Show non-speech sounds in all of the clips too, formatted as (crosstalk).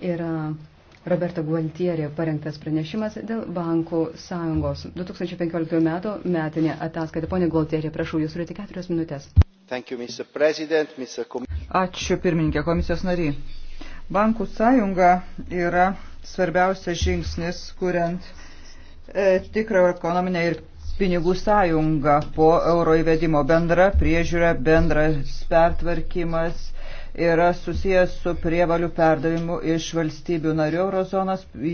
yra Roberto Gualtieri parengtas pranešimas dėl bankų sąjungos 2015 metų metinė ataskaita. Pone Gualtieri, prašau, jūs turite keturias minutės. Thank you, Mr. President, Mr. Kom... Ačiū pirmininkė komisijos nariai. Bankų sąjunga yra svarbiausias žingsnis, kuriant e, tikrą ekonominę ir pinigų sąjungą po euro įvedimo bendra priežiūra, bendras pertvarkymas yra susijęs su prievalių perdavimu iš valstybių narių eurozonas į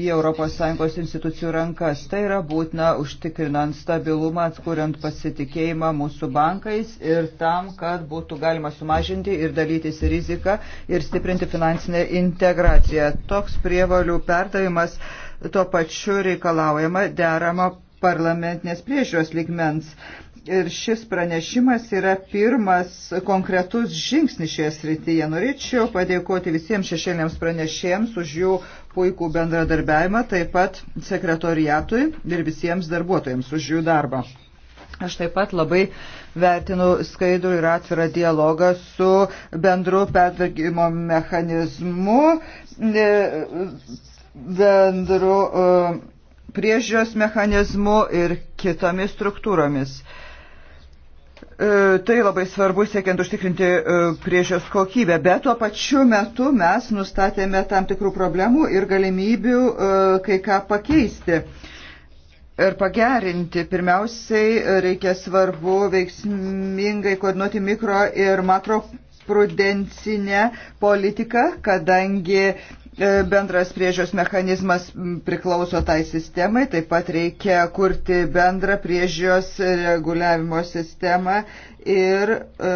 ES institucijų rankas. Tai yra būtina užtikrinant stabilumą, atkuriant pasitikėjimą mūsų bankais ir tam, kad būtų galima sumažinti ir dalytis riziką ir stiprinti finansinę integraciją. Toks prievalių perdavimas tuo pačiu reikalaujama deramo parlamentinės priežiūros ligmens. Ir šis pranešimas yra pirmas konkretus žingsnis šioje srityje. Norėčiau padėkoti visiems šešėliams pranešėjams už jų puikų bendradarbiavimą, taip pat sekretoriatui ir visiems darbuotojams už jų darbą. Aš taip pat labai vertinu skaidrų ir atvirą dialogą su bendru pertvarkymo mechanizmu, e, bendru e, priežios mechanizmu ir kitomis struktūromis. E, tai labai svarbu siekiant užtikrinti e, priežios kokybę, bet tuo pačiu metu mes nustatėme tam tikrų problemų ir galimybių e, kai ką pakeisti ir pagerinti. Pirmiausiai reikia svarbu veiksmingai koordinuoti mikro ir makro prudencinę politiką, kadangi E, bendras priežios mechanizmas priklauso tai sistemai, taip pat reikia kurti bendrą priežios reguliavimo sistemą ir e,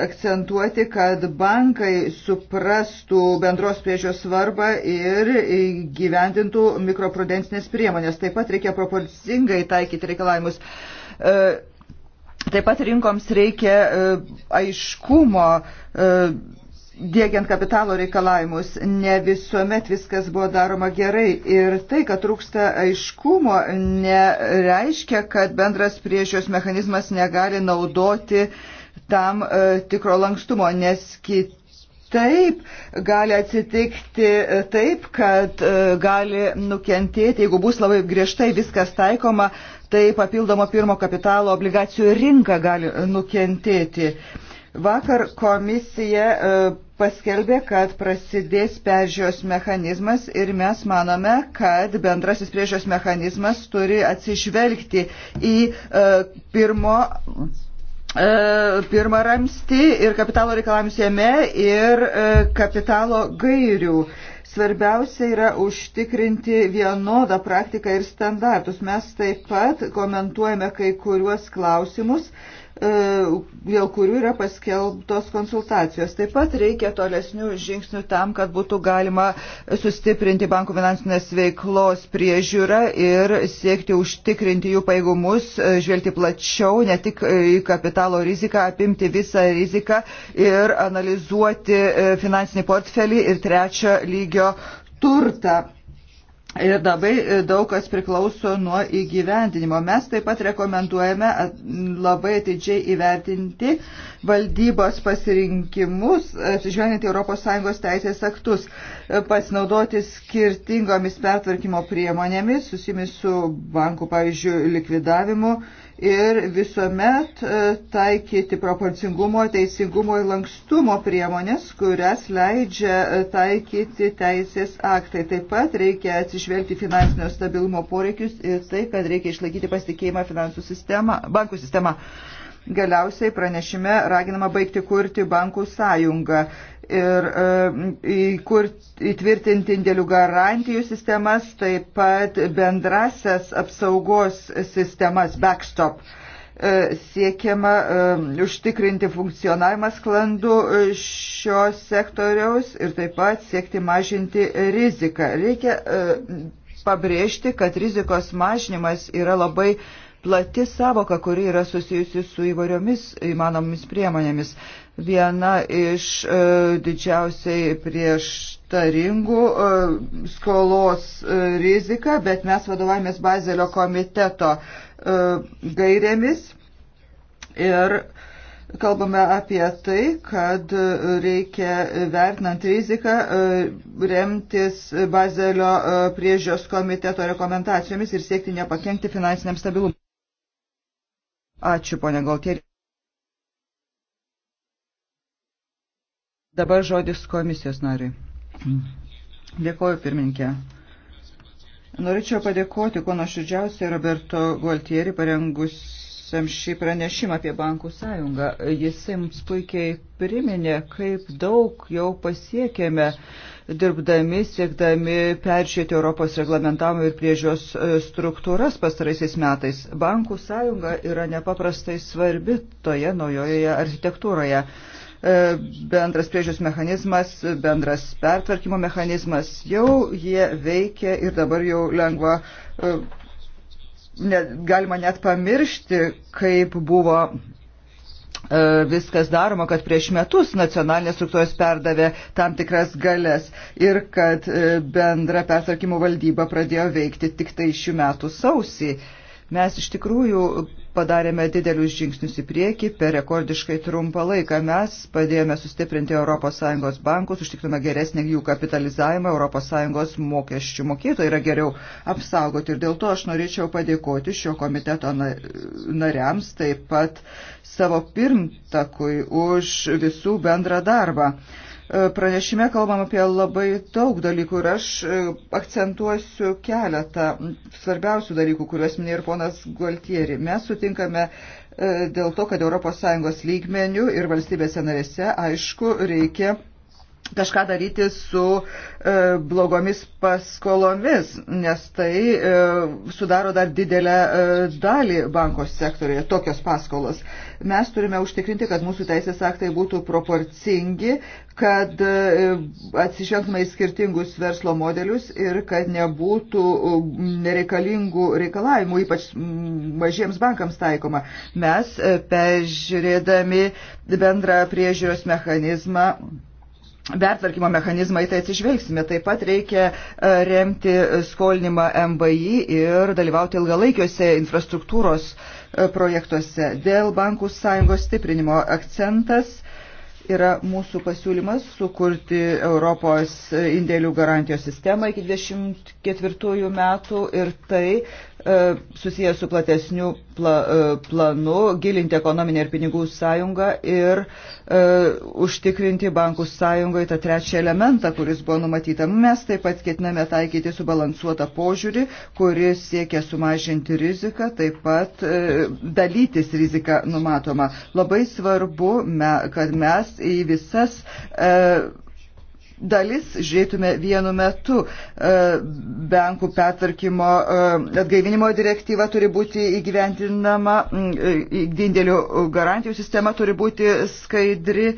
akcentuoti, kad bankai suprastų bendros priežios svarbą ir gyventintų mikroprudencinės priemonės. Taip pat reikia proporcingai taikyti reikalavimus. E, taip pat rinkoms reikia aiškumo dėgiant kapitalo reikalavimus, ne visuomet viskas buvo daroma gerai ir tai, kad trūksta aiškumo, nereiškia, kad bendras priežios mechanizmas negali naudoti tam e, tikro lankstumo, nes kiti Taip, gali atsitikti e, taip, kad e, gali nukentėti, jeigu bus labai griežtai viskas taikoma, tai papildomo pirmo kapitalo obligacijų rinka gali nukentėti. Vakar komisija e, paskelbė, kad prasidės peržiūros mechanizmas ir mes manome, kad bendrasis priežiūros mechanizmas turi atsižvelgti į e, pirmo e, pirmą ramstį ir kapitalo reikalavimus jame ir kapitalo gairių. Svarbiausia yra užtikrinti vienodą praktiką ir standartus. Mes taip pat komentuojame kai kuriuos klausimus, E, dėl kurių yra paskelbtos konsultacijos. Taip pat reikia tolesnių žingsnių tam, kad būtų galima sustiprinti bankų finansinės veiklos priežiūrą ir siekti užtikrinti jų paėgumus, e, žvelgti plačiau, ne tik į kapitalo riziką, apimti visą riziką ir analizuoti e, finansinį portfelį ir trečio lygio turtą Ir labai daug kas priklauso nuo įgyvendinimo. Mes taip pat rekomenduojame labai atidžiai įvertinti valdybos pasirinkimus, atsižvelgiant ES teisės aktus, e, pasinaudoti skirtingomis pertvarkymo priemonėmis, susimis su bankų, pavyzdžiui, likvidavimu ir visuomet e, taikyti proporcingumo, teisingumo ir lankstumo priemonės, kurias leidžia e, taikyti teisės aktai. Taip pat reikia atsižvelgti finansinio stabilumo poreikius ir tai, kad reikia išlaikyti pasitikėjimą finansų sistema, bankų sistema. Galiausiai pranešime raginama baigti kurti bankų sąjungą ir e, įkur, įtvirtinti indėlių garantijų sistemas, taip pat bendrasias apsaugos sistemas backstop. E, siekiama e, užtikrinti funkcionavimą sklandų šios sektoriaus ir taip pat siekti mažinti riziką. Reikia pabrėžti, kad rizikos mažinimas yra labai plati savoka, kuri yra susijusi su įvairiomis įmanomomis priemonėmis viena iš e, didžiausiai prieštaringų e, skolos e, rizika, bet mes vadovavomės Bazelio komiteto gairėmis ir Kalbame apie tai, kad reikia vertinant riziką remtis Bazelio priežios komiteto rekomendacijomis ir siekti nepakengti finansiniam stabilumui. Ačiū, ponia Galtieri. Dabar žodis komisijos nariui. Dėkoju, pirminkė. Norėčiau padėkoti, kuo nuoširdžiausiai Roberto Gualtieri parengusiam šį pranešimą apie Bankų sąjungą. Jis jums puikiai priminė, kaip daug jau pasiekėme dirbdami, siekdami peržiūrėti Europos reglamentavimo ir priežios e, struktūras pastaraisiais metais. Bankų sąjunga yra nepaprastai svarbi toje naujoje architektūroje. E, bendras priežiūros mechanizmas, bendras pertvarkymo mechanizmas, jau jie veikia ir dabar jau lengva, e, net, galima net pamiršti, kaip buvo e, viskas daroma, kad prieš metus nacionalinės struktūros perdavė tam tikras galės ir kad bendra pertvarkymų valdyba pradėjo veikti tik tai šių metų sausį. Mes iš tikrųjų padarėme didelius žingsnius į priekį per rekordiškai trumpą laiką. Mes padėjome sustiprinti ES bankus, užtikrinome geresnį jų kapitalizavimą, ES mokesčių mokėtojai yra geriau apsaugoti. Ir dėl to aš norėčiau padėkoti šio komiteto nariams, taip pat savo pirmtakui už visų bendrą darbą. E, pranešime kalbam apie labai daug dalykų ir aš e, akcentuosiu keletą svarbiausių dalykų, kuriuos minėjo ir ponas Gualtieri. Mes sutinkame e, dėl to, kad ES lygmenių ir valstybėse narėse, aišku, reikia kažką daryti su e, blogomis paskolomis, nes tai e, sudaro dar didelę e, dalį banko sektorėje tokios paskolos. Mes turime užtikrinti, kad mūsų teisės aktai būtų proporcingi, kad e, atsižvelgtume į skirtingus verslo modelius ir kad nebūtų e, nereikalingų reikalavimų, ypač mažiems bankams taikoma. Mes e, peržiūrėdami bendrą priežiūros mechanizmą Vertvarkymo mechanizmą į tai atsižvelgsime. Taip pat reikia e, remti skolinimą MBI ir dalyvauti ilgalaikiuose infrastruktūros e, projektuose. Dėl bankų sąjungos stiprinimo akcentas yra mūsų pasiūlymas sukurti Europos indėlių garantijos sistemą iki 24 metų ir tai e, susijęs su platesniu pla, e, planu gilinti ekonominę ir pinigų sąjungą ir e, užtikrinti bankų sąjungoje tą trečią elementą, kuris buvo numatyta. Mes taip pat ketiname taikyti subalansuotą požiūrį, kuris siekia sumažinti riziką, taip pat e, dalytis riziką numatoma. Labai svarbu, me, kad mes į visas. E, dalis žiūrėtume vienu metu. E, bankų pertvarkymo e, atgaivinimo direktyva turi būti įgyventinama, e, indėlių garantijų sistema turi būti skaidri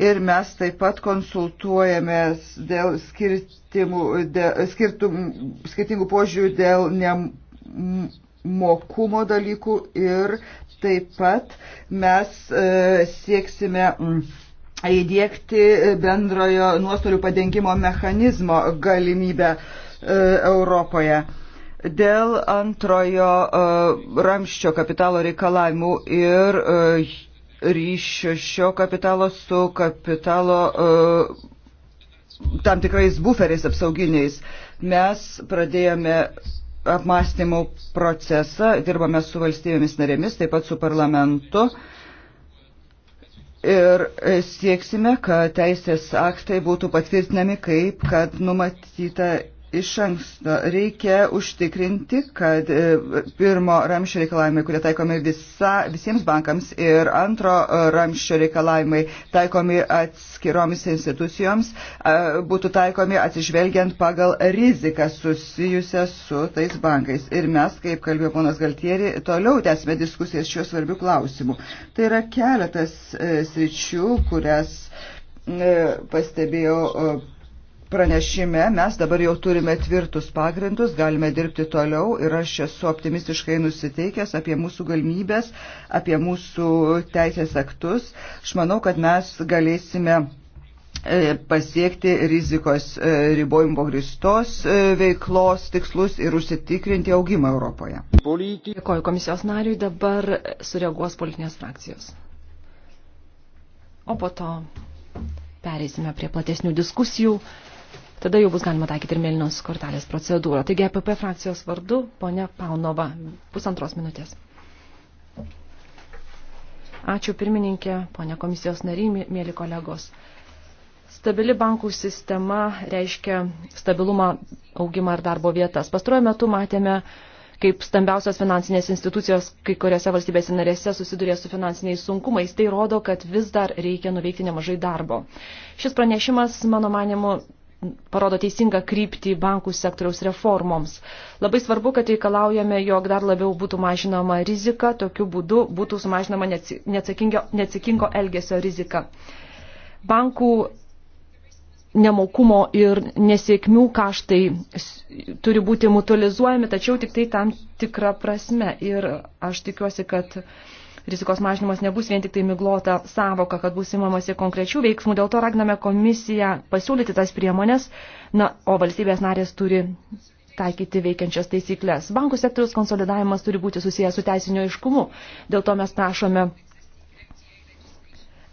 ir mes taip pat konsultuojamės dėl skirtimų, dėl, skirtum, skirtingų požiūrių dėl nemokumo dalykų ir taip pat mes e, sieksime. Mm, įdėkti bendrojo nuostolių padengimo mechanizmo galimybę e, Europoje. Dėl antrojo e, ramščio kapitalo reikalavimų ir e, ryšio šio kapitalo su kapitalo tam tikrais buferiais apsauginiais mes pradėjome apmąstymų procesą, dirbame su valstybėmis narėmis, taip pat su parlamentu. Uh, Ir e, sieksime, kad teisės aktai būtų patvirtinami kaip, kad numatyta iš anksto reikia užtikrinti, kad e, pirmo ramščio reikalavimai, kurie taikomi visa, visiems bankams ir antro e, ramščio reikalavimai taikomi atskiroms institucijoms, e, būtų taikomi atsižvelgiant pagal riziką susijusią su tais bankais. Ir mes, kaip kalbėjo ponas Galtieri, toliau tęsime diskusijas šiuo svarbiu klausimu. Tai yra keletas sričių, kurias pastebėjau pranešime mes dabar jau turime tvirtus pagrindus, galime dirbti toliau ir aš esu optimistiškai nusiteikęs apie mūsų galimybės, apie mūsų teisės aktus. Aš manau, kad mes galėsime e, pasiekti rizikos e, ribojimo pagristos e, veiklos tikslus ir užsitikrinti augimą Europoje. Politi... Dėkoju komisijos nariui, dabar sureaguos politinės frakcijos. O po to pereisime prie platesnių diskusijų. Tada jau bus galima taikyti ir mėlynos kortelės procedūrą. Taigi APP e frakcijos vardu ponia Paunova, pusantros minutės. Ačiū pirmininkė, ponia komisijos nariai, mėly kolegos. Stabili bankų sistema reiškia stabilumą, augimą ir darbo vietas. Pastaruoju metu matėme, kaip stambiausios finansinės institucijos kai kuriuose valstybėse narėse susiduria su finansiniais sunkumais. Tai rodo, kad vis dar reikia nuveikti nemažai darbo. Šis pranešimas, mano manimu, parodo teisingą kryptį bankų sektoriaus reformoms. Labai svarbu, kad reikalaujame, jog dar labiau būtų mažinama rizika, tokiu būdu būtų sumažinama neatsakingo elgesio rizika. Bankų nemokumo ir nesėkmių kaštai turi būti mutualizuojami, tačiau tik tai tam tikrą prasme. Ir aš tikiuosi, kad uh, rizikos mažinimas nebus vien tik tai miglota savoka, kad bus imamasi konkrečių veiksmų. Dėl to ragname komisiją pasiūlyti tas priemonės, na, o valstybės narės turi taikyti veikiančias taisyklės. Bankų sektoriaus konsolidavimas turi būti susijęs su teisinio iškumu. Dėl to mes prašome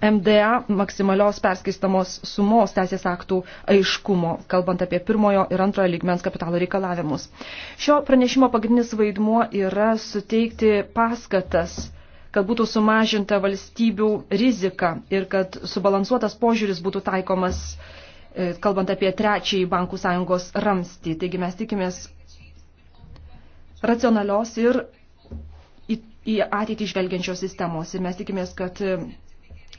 MDA maksimalios perskaistamos sumos teisės aktų aiškumo, kalbant apie pirmojo ir antrojo lygmens kapitalo reikalavimus. Šio pranešimo pagrindinis vaidmuo yra suteikti paskatas kad būtų sumažinta valstybių rizika ir kad subalansuotas požiūris būtų taikomas, e, kalbant apie trečiąjį bankų sąjungos ramstį. Taigi mes tikimės racionalios ir į, į ateitį išvelgiančios sistemos. Ir mes tikimės, kad e,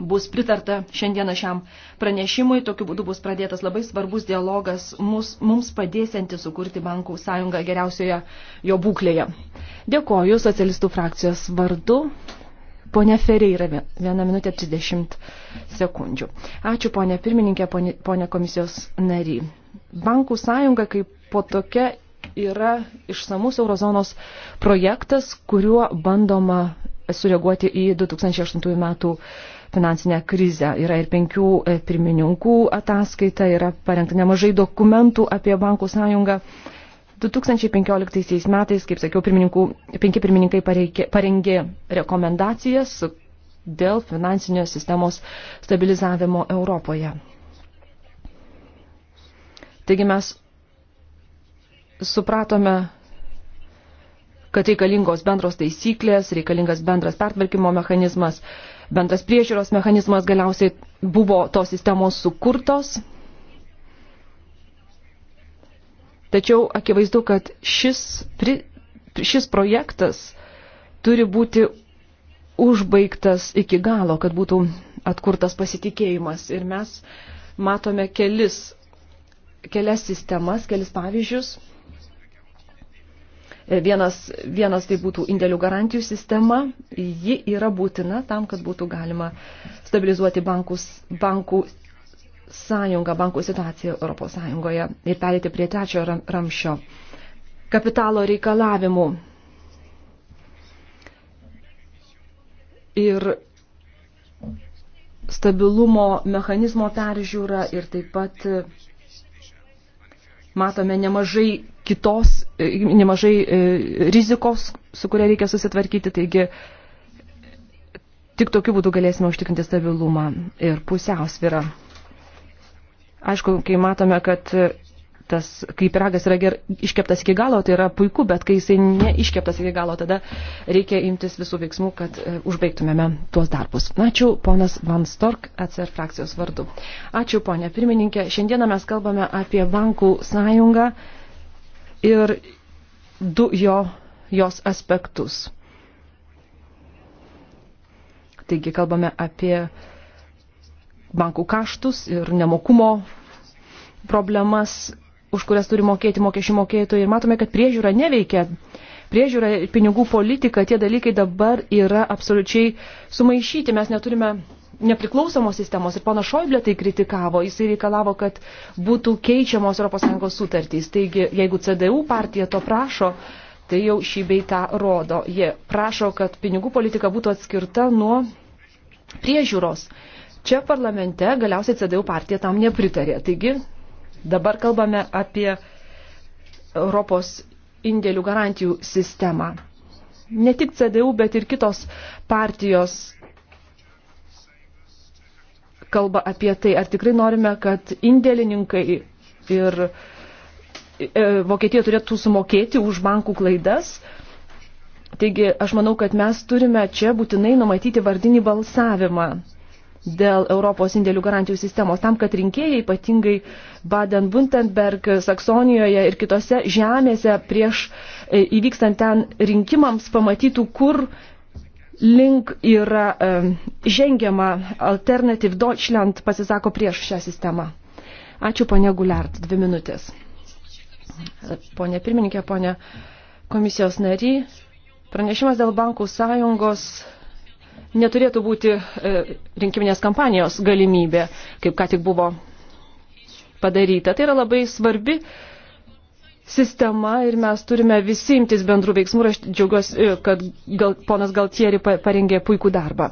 bus pritarta šiandieną šiam pranešimui. Tokiu būdu bus pradėtas labai svarbus dialogas mus, mums padėsianti sukurti bankų sąjungą geriausioje jo būklėje. Dėkoju socialistų frakcijos vardu. Pone Ferreira, viena minutė 30 sekundžių. Ačiū, ponė pirmininkė, ponė, ponė komisijos nary. Bankų sąjunga kaip po tokia yra išsamus eurozonos projektas, kuriuo bandoma sureaguoti į 2008 metų finansinę krizę. Yra ir penkių e, pirmininkų ataskaita, yra parengta nemažai dokumentų apie bankų sąjungą. 2015 metais, kaip sakiau, pirmininkų, penki pirmininkai pareikė, parengė rekomendacijas dėl finansinio sistemos stabilizavimo Europoje. Taigi mes supratome, kad reikalingos bendros taisyklės, reikalingas bendras pertvarkymo mechanizmas, bendras priežiūros mechanizmas galiausiai buvo tos sistemos sukurtos Tačiau akivaizdu, kad šis, pri, šis projektas turi būti užbaigtas iki galo, kad būtų atkurtas pasitikėjimas. Ir mes matome kelis, kelias sistemas, kelis pavyzdžius. Vienas, vienas tai būtų indėlių garantijų sistema, ji yra būtina tam, kad būtų galima stabilizuoti bankus, bankų sąjungą, bankų situaciją Europos Sąjungoje ir perėti prie trečiojo ramšio kapitalo reikalavimų. Ir stabilumo mechanizmo peržiūra ir taip pat matome nemažai kitos, nemažai e, rizikos, su kuria reikia susitvarkyti, taigi tik tokiu būdu galėsime užtikrinti stabilumą ir pusiausvyrą. Aišku, kai matome, kad tas, kai piragas yra ger, iškeptas iki galo, tai yra puiku, bet kai jisai neiškeptas iki galo, tada reikia imtis visų veiksmų, kad e, užbaigtumėme tuos darbus. Ačiū, ponas Van Stork, ACR frakcijos vardu. Ačiū, ponė pirmininkė. Šiandieną mes kalbame apie bankų sąjungą ir du jo, jos aspektus. Taigi kalbame apie bankų kaštus ir nemokumo problemas, už kurias turi mokėti mokesčių mokėtojai. Ir matome, kad priežiūra neveikia. Priežiūra ir pinigų politika, tie dalykai dabar yra absoliučiai sumaišyti. Mes neturime nepriklausomos sistemos ir pana Šoiblė tai kritikavo, jisai reikalavo, kad būtų keičiamos ES sutartys. Taigi, jeigu CDU partija to prašo, tai jau šį beitą rodo. Jie prašo, kad pinigų politika būtų atskirta nuo priežiūros. Čia parlamente galiausiai CDU partija tam nepritarė. Taigi dabar kalbame apie Europos indėlių garantijų sistemą. Ne tik CDU, bet ir kitos partijos kalba apie tai, ar tikrai norime, kad indėlininkai ir e, Vokietija turėtų sumokėti už bankų klaidas. Taigi aš manau, kad mes turime čia būtinai numatyti vardinį balsavimą dėl Europos indėlių garantijų sistemos, tam, kad rinkėjai ypatingai Baden-Württemberg, Saksonijoje ir kitose žemėse prieš e, įvykstant ten rinkimams pamatytų, kur link yra e, žengiama Alternative Deutschland pasisako prieš šią sistemą. Ačiū, ponia Guliart, dvi minutės. Pone pirmininkė, ponia komisijos nary, pranešimas dėl bankų sąjungos neturėtų būti e, rinkiminės kampanijos galimybė, kaip ką tik buvo padaryta. Tai yra labai svarbi sistema ir mes turime visi imtis bendrų veiksmų ir aš džiaugiuosi, e, kad gal, ponas Galtieri parengė puikų darbą,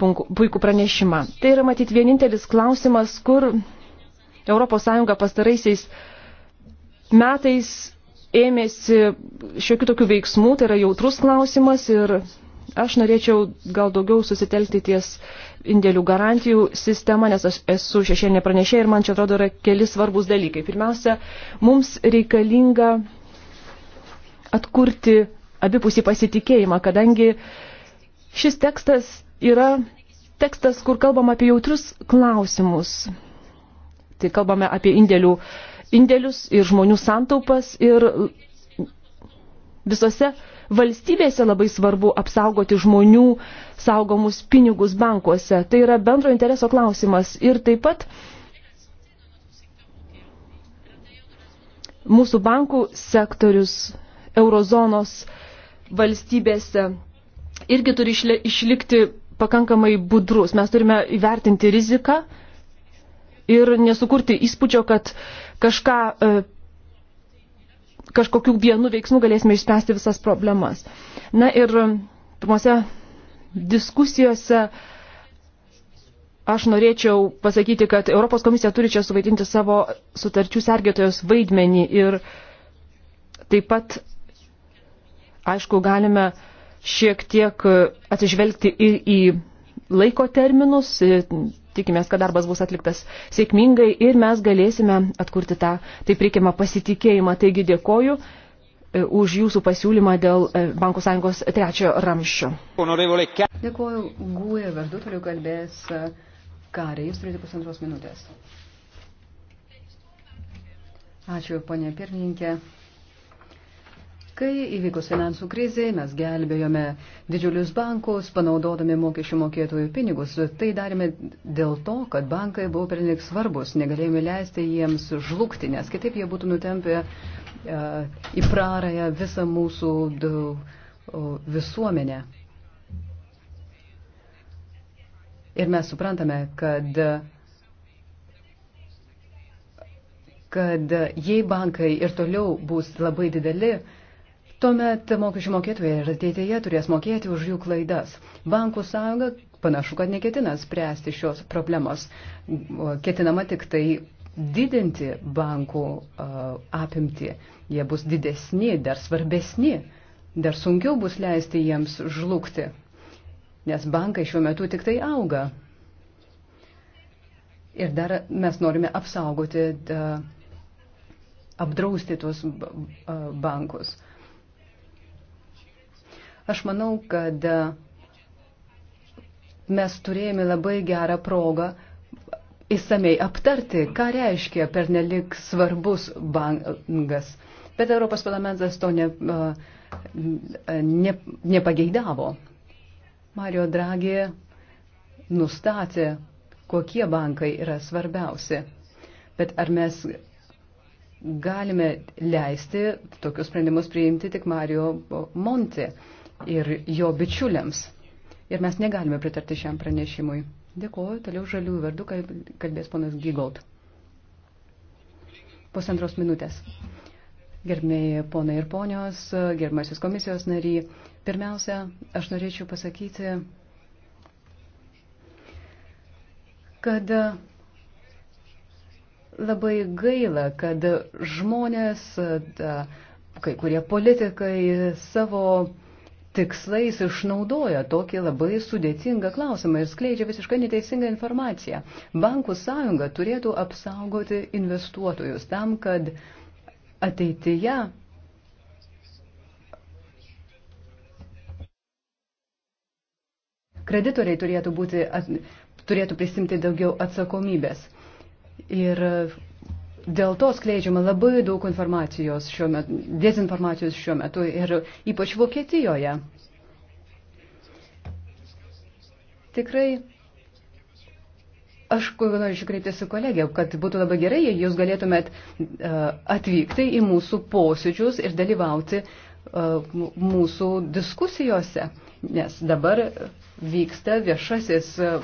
puikų pranešimą. Tai yra matyti vienintelis klausimas, kur ES pastaraisiais metais ėmėsi šiokių tokių veiksmų, tai yra jautrus klausimas ir Aš norėčiau gal daugiau susitelkti ties indėlių garantijų sistema, nes aš esu šešėlinė pranešė ir man čia atrodo yra keli svarbus dalykai. Pirmiausia, mums reikalinga atkurti abipusį pasitikėjimą, kadangi šis tekstas yra tekstas, kur kalbam apie jautrius klausimus. Tai kalbame apie indėlių, indėlius ir žmonių santaupas ir visose valstybėse labai svarbu apsaugoti žmonių saugomus pinigus bankuose. Tai yra bendro intereso klausimas. Ir taip pat mūsų bankų sektorius eurozonos valstybėse irgi turi išlikti pakankamai budrus. Mes turime įvertinti riziką ir nesukurti įspūdžio, kad kažką e, kažkokių vienų veiksmų galėsime išspręsti visas problemas. Na ir um, pirmose diskusijose aš norėčiau pasakyti, kad Europos komisija turi čia suvaidinti savo sutarčių sergėtojos vaidmenį ir taip pat, aišku, galime šiek tiek atsižvelgti ir į laiko terminus, tikimės, kad darbas bus atliktas sėkmingai ir mes galėsime atkurti tą taip reikiamą pasitikėjimą. Taigi dėkoju e, už jūsų pasiūlymą dėl e, Bankų sąjungos trečio ramščio. Dėkuoju, Gūja vardu toliau kalbės e, Karė, jūs turite pusantros minutės. Ačiū, ponė pirmininkė. Kai įvykus finansų krizai, mes gelbėjome didžiulius bankus, panaudodami mokesčių mokėtojų pinigus. Tai darėme dėl to, kad bankai buvo pernelik svarbus, negalėjome leisti jiems žlugti, nes kitaip jie būtų nutempę e, į prarąją visą mūsų visuomenę. Ir mes suprantame, kad kad jei bankai ir toliau bus labai dideli, Tuomet mokesčių mokėtojai ir ateityje turės mokėti už jų klaidas. Bankų sąjunga panašu, kad neketina spręsti šios problemos. Ketinama tik tai didinti bankų apimti. Jie bus didesni, dar svarbesni, dar sunkiau bus leisti jiems žlugti, nes bankai šiuo metu tik tai auga. Ir dar mes norime apsaugoti, apdrausti tuos bankus. Aš manau, kad e, mes turėjome labai gerą progą įsamei aptarti, ką reiškia pernelik svarbus bangas. Bet Europos parlamentas to ne, e, ne, nepageidavo. Mario Draghi nustatė, kokie bankai yra svarbiausi. Bet ar mes galime leisti tokius sprendimus priimti tik Mario Monti? ir jo bičiuliams. Ir mes negalime pritarti šiam pranešimui. Dėkuoju, toliau žaliųjų vardu kalbės ponas Gigold. Pusantros minutės. Gerbėjai ponai ir ponios, gerbiamasis komisijos nariai, pirmiausia, aš norėčiau pasakyti, kad labai gaila, kad žmonės, kai kurie politikai savo uh, tikslais išnaudoja tokį labai sudėtingą klausimą ir skleidžia visiškai neteisingą informaciją. Bankų sąjunga turėtų apsaugoti investuotojus tam, kad ateityje kreditoriai turėtų, būti, turėtų prisimti daugiau atsakomybės. Ir Dėl to skleidžiama labai daug informacijos šiuo metu, dezinformacijos šiuo metu ir ypač Vokietijoje. Tikrai Aš norėčiau kreiptis į kolegę, kad būtų labai gerai, jei jūs galėtumėt e, atvykti į mūsų posėdžius ir dalyvauti e, mūsų diskusijose, nes dabar vyksta viešasis e,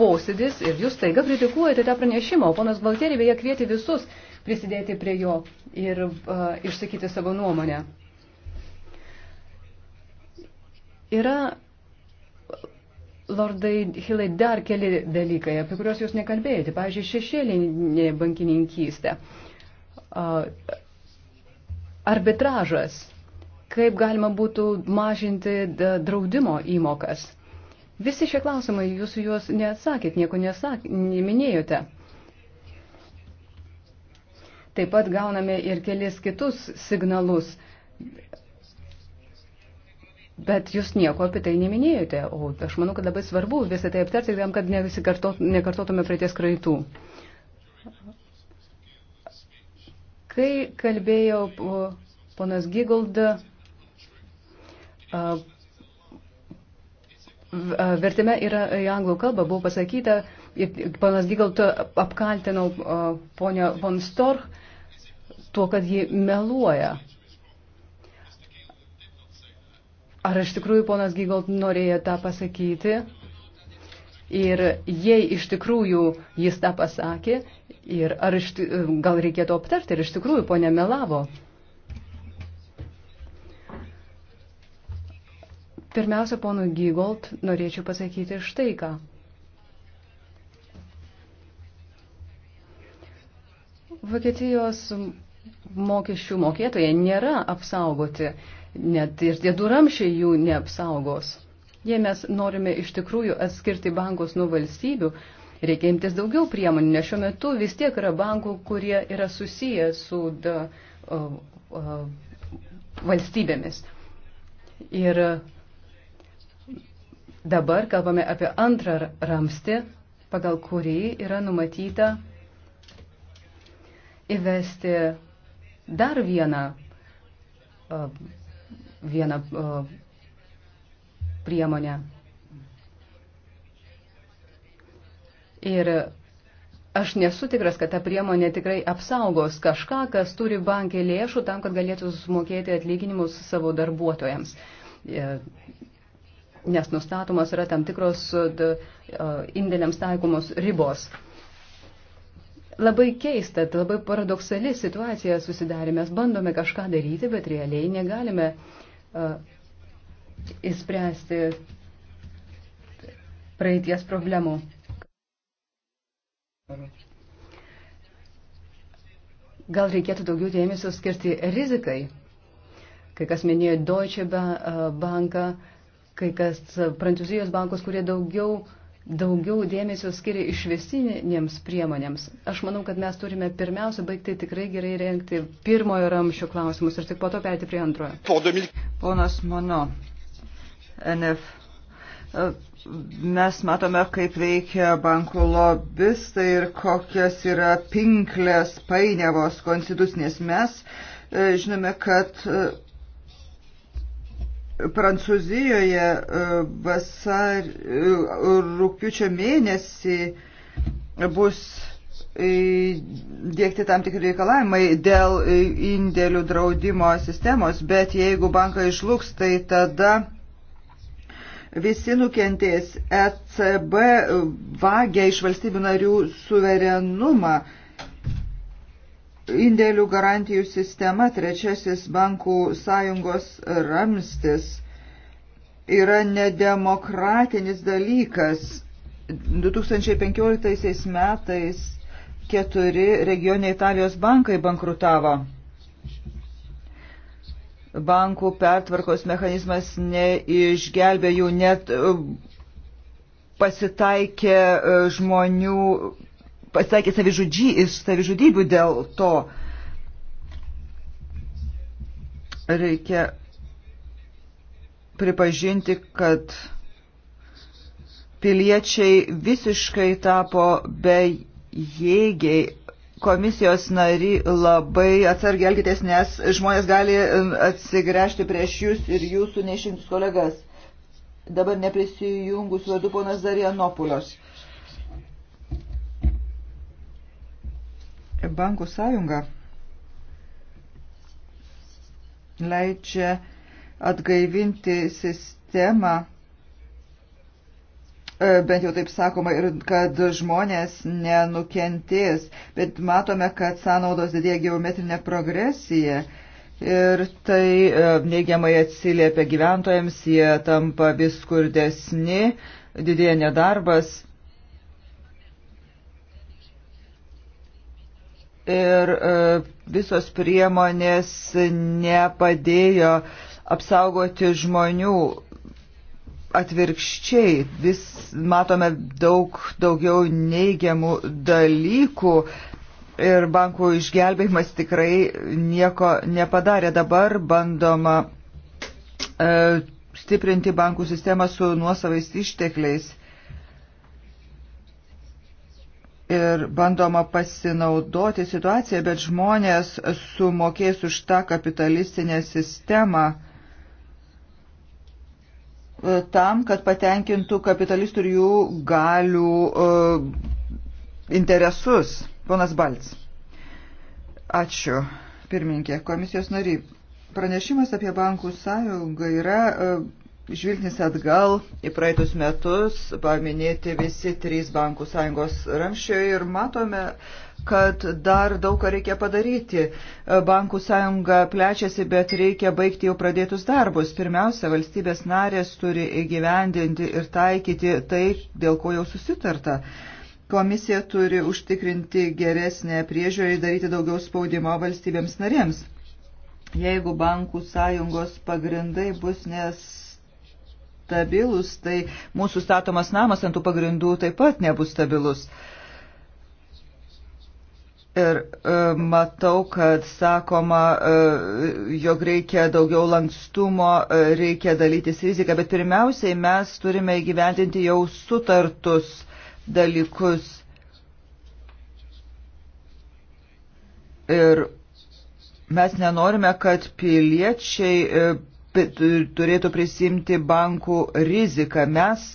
posėdis ir jūs taiga kritikuojate tą pranešimą, o ponas Balterį beje kvietė visus prisidėti prie jo ir uh, išsakyti savo nuomonę. Yra, lordai Hilai, dar keli dalykai, apie kuriuos jūs nekalbėjote. Pavyzdžiui, šešėlinė bankininkystė, uh, arbitražas, kaip galima būtų mažinti draudimo įmokas. Visi šie klausimai, jūs juos neatsakėt, nieko nesak, neminėjote. Taip pat gauname ir kelis kitus signalus. Bet jūs nieko apie tai neminėjote, o aš manau, kad labai svarbu visą tai aptarti, tam, kad nekartotume praeities kraitų. Kai kalbėjo ponas Gigold, vertime yra į anglų kalbą, buvo pasakyta, ponas Gigold apkaltino ponę von Storch tuo, kad ji meluoja. Ar iš tikrųjų ponas Gygolt norėjo tą pasakyti? Ir jei iš tikrųjų jis tą pasakė, ir ar iš, gal reikėtų aptarti, ir iš tikrųjų ponė melavo. Pirmiausia, ponui Gygolt norėčiau pasakyti štai ką. Vokietijos mokesčių mokėtojai nėra apsaugoti, net ir tie duramšiai jų neapsaugos. Jei mes norime iš tikrųjų atskirti bankus nuo valstybių, reikia imtis daugiau priemonių, nes šiuo metu vis tiek yra bankų, kurie yra susiję su da, o, o, valstybėmis. Ir dabar kalbame apie antrą ramstį, pagal kurį yra numatyta įvesti dar vieną, e, vieną e, priemonę. Ir aš nesu tikras, kad ta priemonė tikrai apsaugos kažką, kas turi bankė lėšų tam, kad galėtų sumokėti atlyginimus savo darbuotojams. E, nes nustatomas yra tam tikros indėliams taikomos ribos. Labai keista, tai labai paradoksali situacija susidarė. Mes bandome kažką daryti, bet realiai negalime uh, įspręsti praeities problemų. Gal reikėtų daugiau dėmesio skirti rizikai. Kai kas minėjo Deutsche Banką, kai kas Prancūzijos bankus, kurie daugiau daugiau dėmesio skiria išvestinėms priemonėms. Aš manau, kad mes turime pirmiausia baigti tikrai gerai rengti pirmojo ramščio klausimus ir tik po to perėti prie antrojo. Ponas Mono, NF. E, mes matome, kaip veikia bankų lobistai ir kokias yra pinklės painiavos konstitucinės. Mes e, žinome, kad e, Prancūzijoje e, vasar, e, rūpiučio mėnesį bus dėkti tam tikri reikalavimai dėl indėlių draudimo sistemos, bet jeigu bankai išlūks, tai tada visi nukentės. ECB vagia iš valstybių narių suverenumą indėlių garantijų sistema, trečiasis bankų sąjungos ramstis, yra nedemokratinis dalykas. 2015 metais keturi regioniai Italijos bankai bankrutavo. Bankų pertvarkos mechanizmas neišgelbė jų, net e, pasitaikė e, žmonių pasakė savižudybių dėl to. Reikia pripažinti, kad piliečiai visiškai tapo bejėgiai. Komisijos nari labai atsargiai elgitės, nes žmonės gali atsigręžti prieš jūs ir jūsų neišimtus kolegas. Dabar neprisijungus vadu ponas Zarianopulios. Bankų sąjunga leidžia atgaivinti sistemą, e, bent jau taip sakoma, ir kad žmonės nenukentės, bet matome, kad sąnaudos didėja geometrinė progresija. Ir tai e, neigiamai atsiliepia gyventojams, jie tampa vis skurdesni, didėja nedarbas. ir e, visos priemonės nepadėjo apsaugoti žmonių. Atvirkščiai vis matome daug daugiau neigiamų dalykų ir bankų išgelbėjimas tikrai nieko nepadarė. Dabar bandoma e, stiprinti bankų sistemą su nuosavais ištekliais. E, ir bandoma pasinaudoti situaciją, bet žmonės sumokės už tą kapitalistinę sistemą e, tam, kad patenkintų kapitalistų ir jų galių uh, interesus. Ponas Balts. Ačiū, pirmininkė, komisijos nariai. Pranešimas apie bankų sąjungą yra uh, žvilgsnis atgal į praeitus metus, paminėti visi trys bankų sąjungos ramščiai ir matome, kad dar daug ką reikia padaryti. Bankų sąjunga plečiasi, bet reikia baigti jau pradėtus darbus. Pirmiausia, valstybės narės turi įgyvendinti ir taikyti tai, dėl ko jau susitarta. Komisija turi užtikrinti geresnę priežiūrą ir daryti daugiau spaudimo valstybėms narėms. Jeigu bankų sąjungos pagrindai bus nes stabilus, tai mūsų statomas namas ant tų pagrindų taip pat nebus stabilus. Ir e, matau, kad sakoma, e, jog reikia daugiau lankstumo, e, reikia dalytis riziką, bet pirmiausiai mes turime įgyventinti jau sutartus dalykus. Ir mes nenorime, kad piliečiai. E, turėtų prisimti bankų riziką. Mes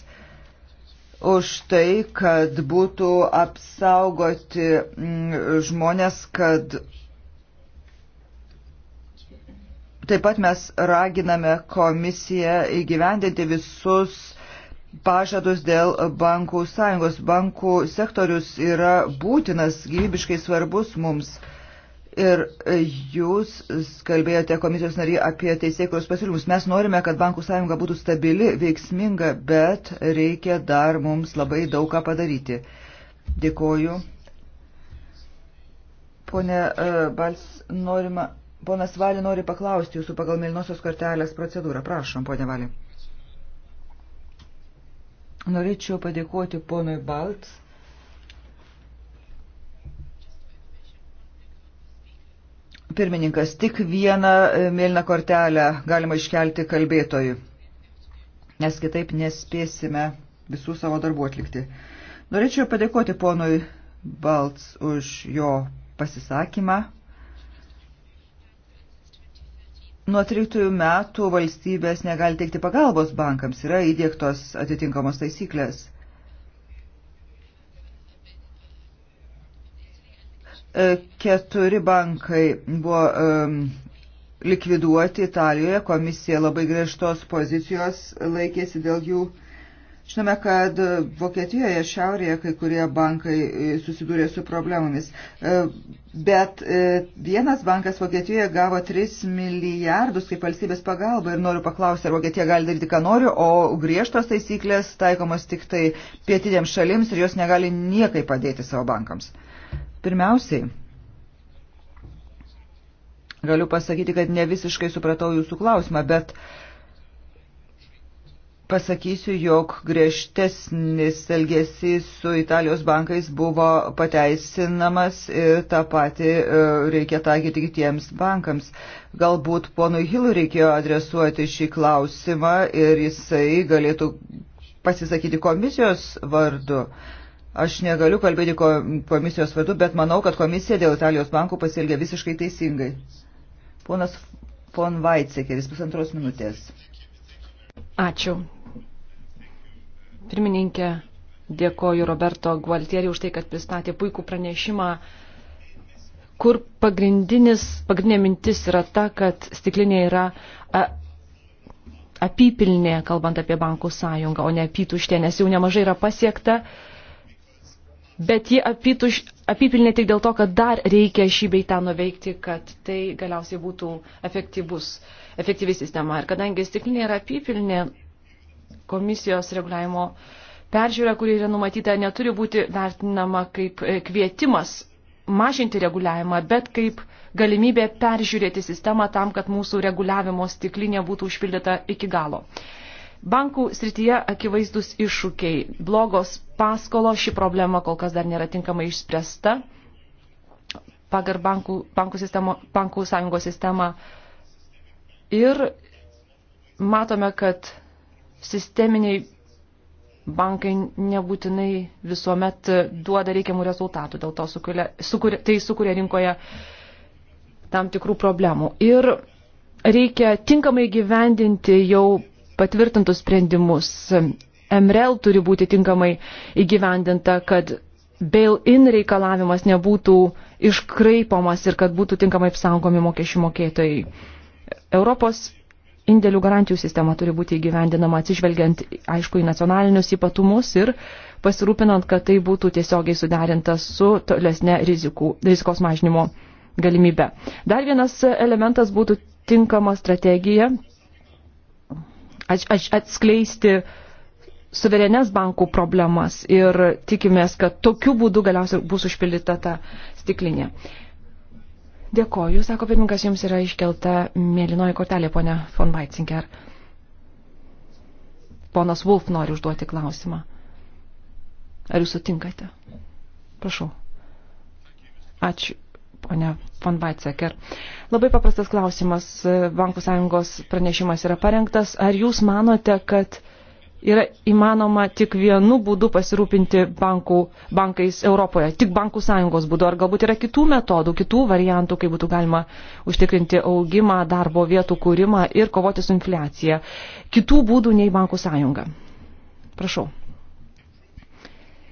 už tai, kad būtų apsaugoti mm, žmonės, kad taip pat mes raginame komisiją įgyvendinti visus pažadus dėl bankų sąjungos. Bankų sektorius yra būtinas, gyvybiškai svarbus mums. Ir jūs kalbėjote komisijos nariai apie teisėkos pasiūlymus. Mes norime, kad bankų sąjunga būtų stabili, veiksminga, bet reikia dar mums labai daug ką padaryti. Dėkoju. Pone Bals, e, norima, ponas Valį nori paklausti jūsų pagal Milnosios kortelės procedūrą. Prašom, ponė Valį. Norėčiau padėkoti ponui Balts Pirmininkas, tik vieną e, mėlyną kortelę galima iškelti kalbėtojui, nes kitaip nespėsime visų savo darbų atlikti. Norėčiau padėkoti ponui Balts už jo pasisakymą. Nuo 13 metų valstybės negali teikti pagalbos bankams, yra įdėktos atitinkamos taisyklės. E, keturi bankai buvo likviduoti Italijoje, komisija labai griežtos pozicijos laikėsi dėl jų. Žinome, kad Vokietijoje, Šiaurėje kai kurie bankai e, susidūrė su problemomis, e, bet vienas bankas Vokietijoje gavo 3 milijardus kaip valstybės pagalba ir noriu paklausti, ar Vokietija gali daryti, ką nori, o griežtos taisyklės taikomos tik tai pietiniams šalims ir jos negali niekai padėti savo bankams. Pirmiausiai, galiu pasakyti, kad ne visiškai supratau jūsų klausimą, bet pasakysiu, jog griežtesnis elgesys su Italijos bankais buvo pateisinamas ir tą patį e, reikia taikyti kitiems bankams. Galbūt ponui Hilui reikėjo adresuoti šį klausimą ir jisai galėtų pasisakyti komisijos vardu. Uh, Aš negaliu kalbėti komisijos vardu, bet manau, kad komisija dėl Italijos bankų pasielgė visiškai teisingai. Ponas von Vaitsekeris, pusantros minutės. Ačiū. Pirmininkė, dėkoju Roberto Gualtieri už tai, kad pristatė puikų pranešimą, kur pagrindinė mintis yra ta, kad stiklinė yra a, apypilnė, kalbant apie bankų sąjungą, o ne apytuštė, nes jau nemažai yra pasiekta bet ji apytuš, apipilnė tik dėl to, kad dar reikia šį bei tą nuveikti, kad tai galiausiai būtų efektyvus, efektyvi sistema. Ir kadangi stiklinė yra apipilnė komisijos reguliavimo peržiūra, kuri yra numatyta, neturi būti vertinama kaip e, kvietimas mažinti reguliavimą, bet kaip galimybė peržiūrėti sistemą tam, kad mūsų reguliavimo stiklinė būtų užpildyta iki galo. Bankų srityje akivaizdus iššūkiai. Blogos paskolos, ši problema kol kas dar nėra tinkamai išspręsta. Pagar bankų, bankų, sistemo, bankų sąjungos sistemą. Ir matome, kad sisteminiai bankai nebūtinai visuomet duoda reikiamų rezultatų, dėl to sukuria, sukuria, tai sukuria rinkoje tam tikrų problemų. Ir reikia tinkamai gyvendinti jau patvirtintus sprendimus. MREL turi būti tinkamai įgyvendinta, kad bail-in reikalavimas nebūtų iškraipomas ir kad būtų tinkamai apsaugomi mokesčių mokėtojai. Europos indėlių garantijų sistema turi būti įgyvendinama atsižvelgiant, aišku, į nacionalinius ypatumus ir pasirūpinant, kad tai būtų tiesiogiai suderinta su tolesne rizikų, rizikos mažinimo galimybe. Dar vienas elementas būtų tinkama strategija atskleisti suverenės bankų problemas ir tikimės, kad tokiu būdu galiausiai bus užpildyta ta stiklinė. Dėkoju, sako pirmininkas, jums yra iškelta mėlynoji kortelė, ponia von Weitzinger. Ponas Wolf nori užduoti klausimą. Ar jūs sutinkate? Prašau. Ačiū ponia von Weizsäcker. Labai paprastas klausimas. Bankų sąjungos pranešimas yra parengtas. Ar jūs manote, kad yra įmanoma tik vienu būdu pasirūpinti bankų, bankais Europoje, tik bankų sąjungos būdu, ar galbūt yra kitų metodų, kitų variantų, kaip būtų galima užtikrinti augimą, darbo vietų kūrimą ir kovoti su infliacija. Kitų būdų nei bankų sąjunga. Prašau.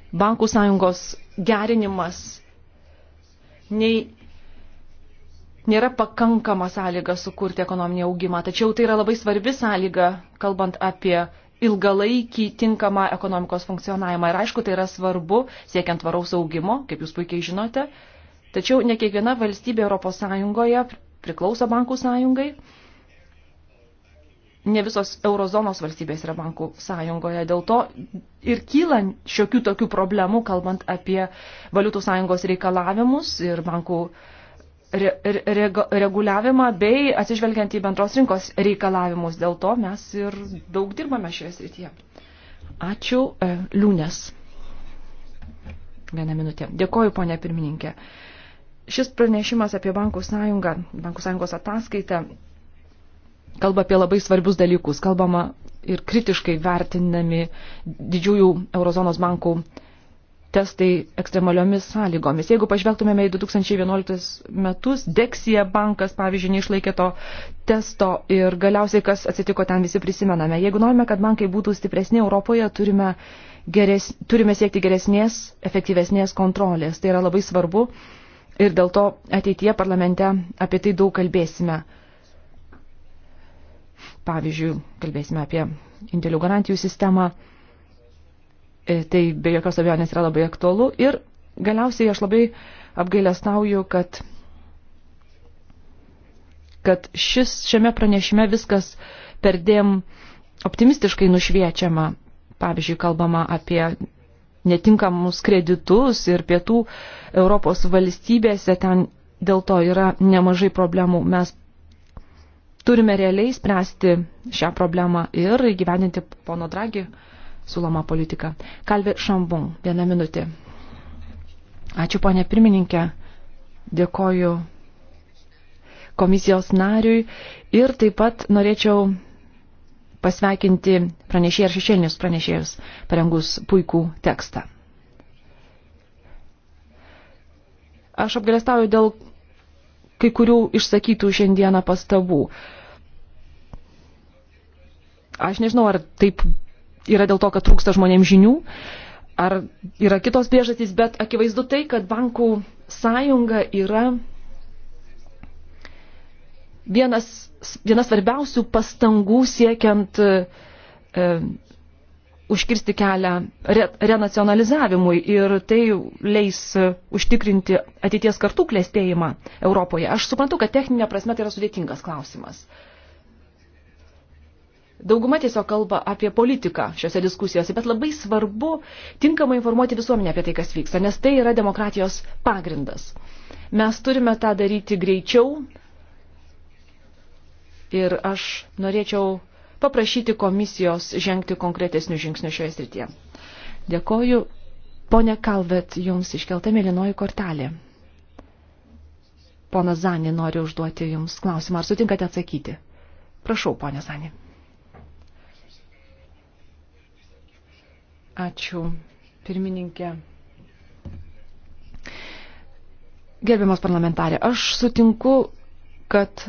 Bankų sąjungos gerinimas nei nėra pakankama sąlyga sukurti ekonominį augimą, tačiau tai yra labai svarbi sąlyga, kalbant apie ilgalaikį tinkamą ekonomikos funkcionavimą. Ir aišku, tai yra svarbu siekiant tvaraus augimo, kaip jūs puikiai žinote. Tačiau ne kiekviena valstybė Europos Sąjungoje priklauso bankų sąjungai. Ne visos eurozonos valstybės yra bankų sąjungoje. Dėl to ir kyla šiokių tokių problemų, kalbant apie valiutų sąjungos reikalavimus ir bankų uh, re, re, reguliavimą bei atsižvelgiant į bendros rinkos reikalavimus. Dėl to mes ir daug dirbame šioje srityje. Ačiū, e, Liūnės. Vieną minutę. Dėkoju, ponė pirmininkė. Šis pranešimas apie Bankų sąjungą, Bankų sąjungos ataskaitą, kalba apie labai svarbius dalykus. Kalbama ir kritiškai vertinami didžiųjų eurozonos bankų uh, testai ekstremaliomis sąlygomis. Jeigu pažvelgtumėme į 2011 metus, Deksija bankas, pavyzdžiui, neišlaikė to testo ir galiausiai, kas atsitiko ten, visi prisimename. Jeigu norime, kad bankai būtų stipresni Europoje, turime, geres, turime siekti geresnės, efektyvesnės kontrolės. Tai yra labai svarbu ir dėl to ateityje parlamente apie tai daug kalbėsime. Pavyzdžiui, kalbėsime apie indėlių garantijų sistemą E, tai be jokios abejonės yra labai aktualu. Ir galiausiai aš labai apgailestauju, kad, kad šis šiame pranešime viskas perdėm optimistiškai nušviečiama. Pavyzdžiui, kalbama apie netinkamus kreditus ir pietų Europos valstybėse ten dėl to yra nemažai problemų. Mes turime realiai spręsti šią problemą ir gyveninti pono Dragi siūloma politika. Kalvi Šambon, vieną minutę. Ačiū, ponė pirmininkė. Dėkoju komisijos nariui ir taip pat norėčiau pasveikinti pranešėjai ir šešėlinius pranešėjus parengus puikų tekstą. Aš apgalėstauju dėl kai kurių išsakytų šiandieną pastabų. Aš nežinau, ar taip yra dėl to, kad trūksta žmonėms žinių, ar yra kitos priežastys, bet akivaizdu tai, kad bankų sąjunga yra vienas, vienas svarbiausių pastangų siekiant e, užkirsti kelią re, renacionalizavimui ir tai leis e, užtikrinti ateities kartų klėstėjimą Europoje. Aš suprantu, kad techninė prasme tai yra sudėtingas klausimas. E, Dauguma tiesiog kalba apie politiką šiuose diskusijose, bet labai svarbu tinkamai informuoti visuomenę apie tai, kas vyksta, nes tai yra demokratijos pagrindas. Mes turime tą daryti greičiau ir aš norėčiau paprašyti komisijos žengti konkretesnių žingsnių šioje srityje. Dėkoju. Pone Kalvet, jums iškelta mėlynoji kortelė. Ponas Zani nori užduoti jums klausimą. Ar sutinkate atsakyti? Prašau, ponė Zani. Ačiū, pirmininkė. Gerbiamas parlamentarė, aš sutinku, kad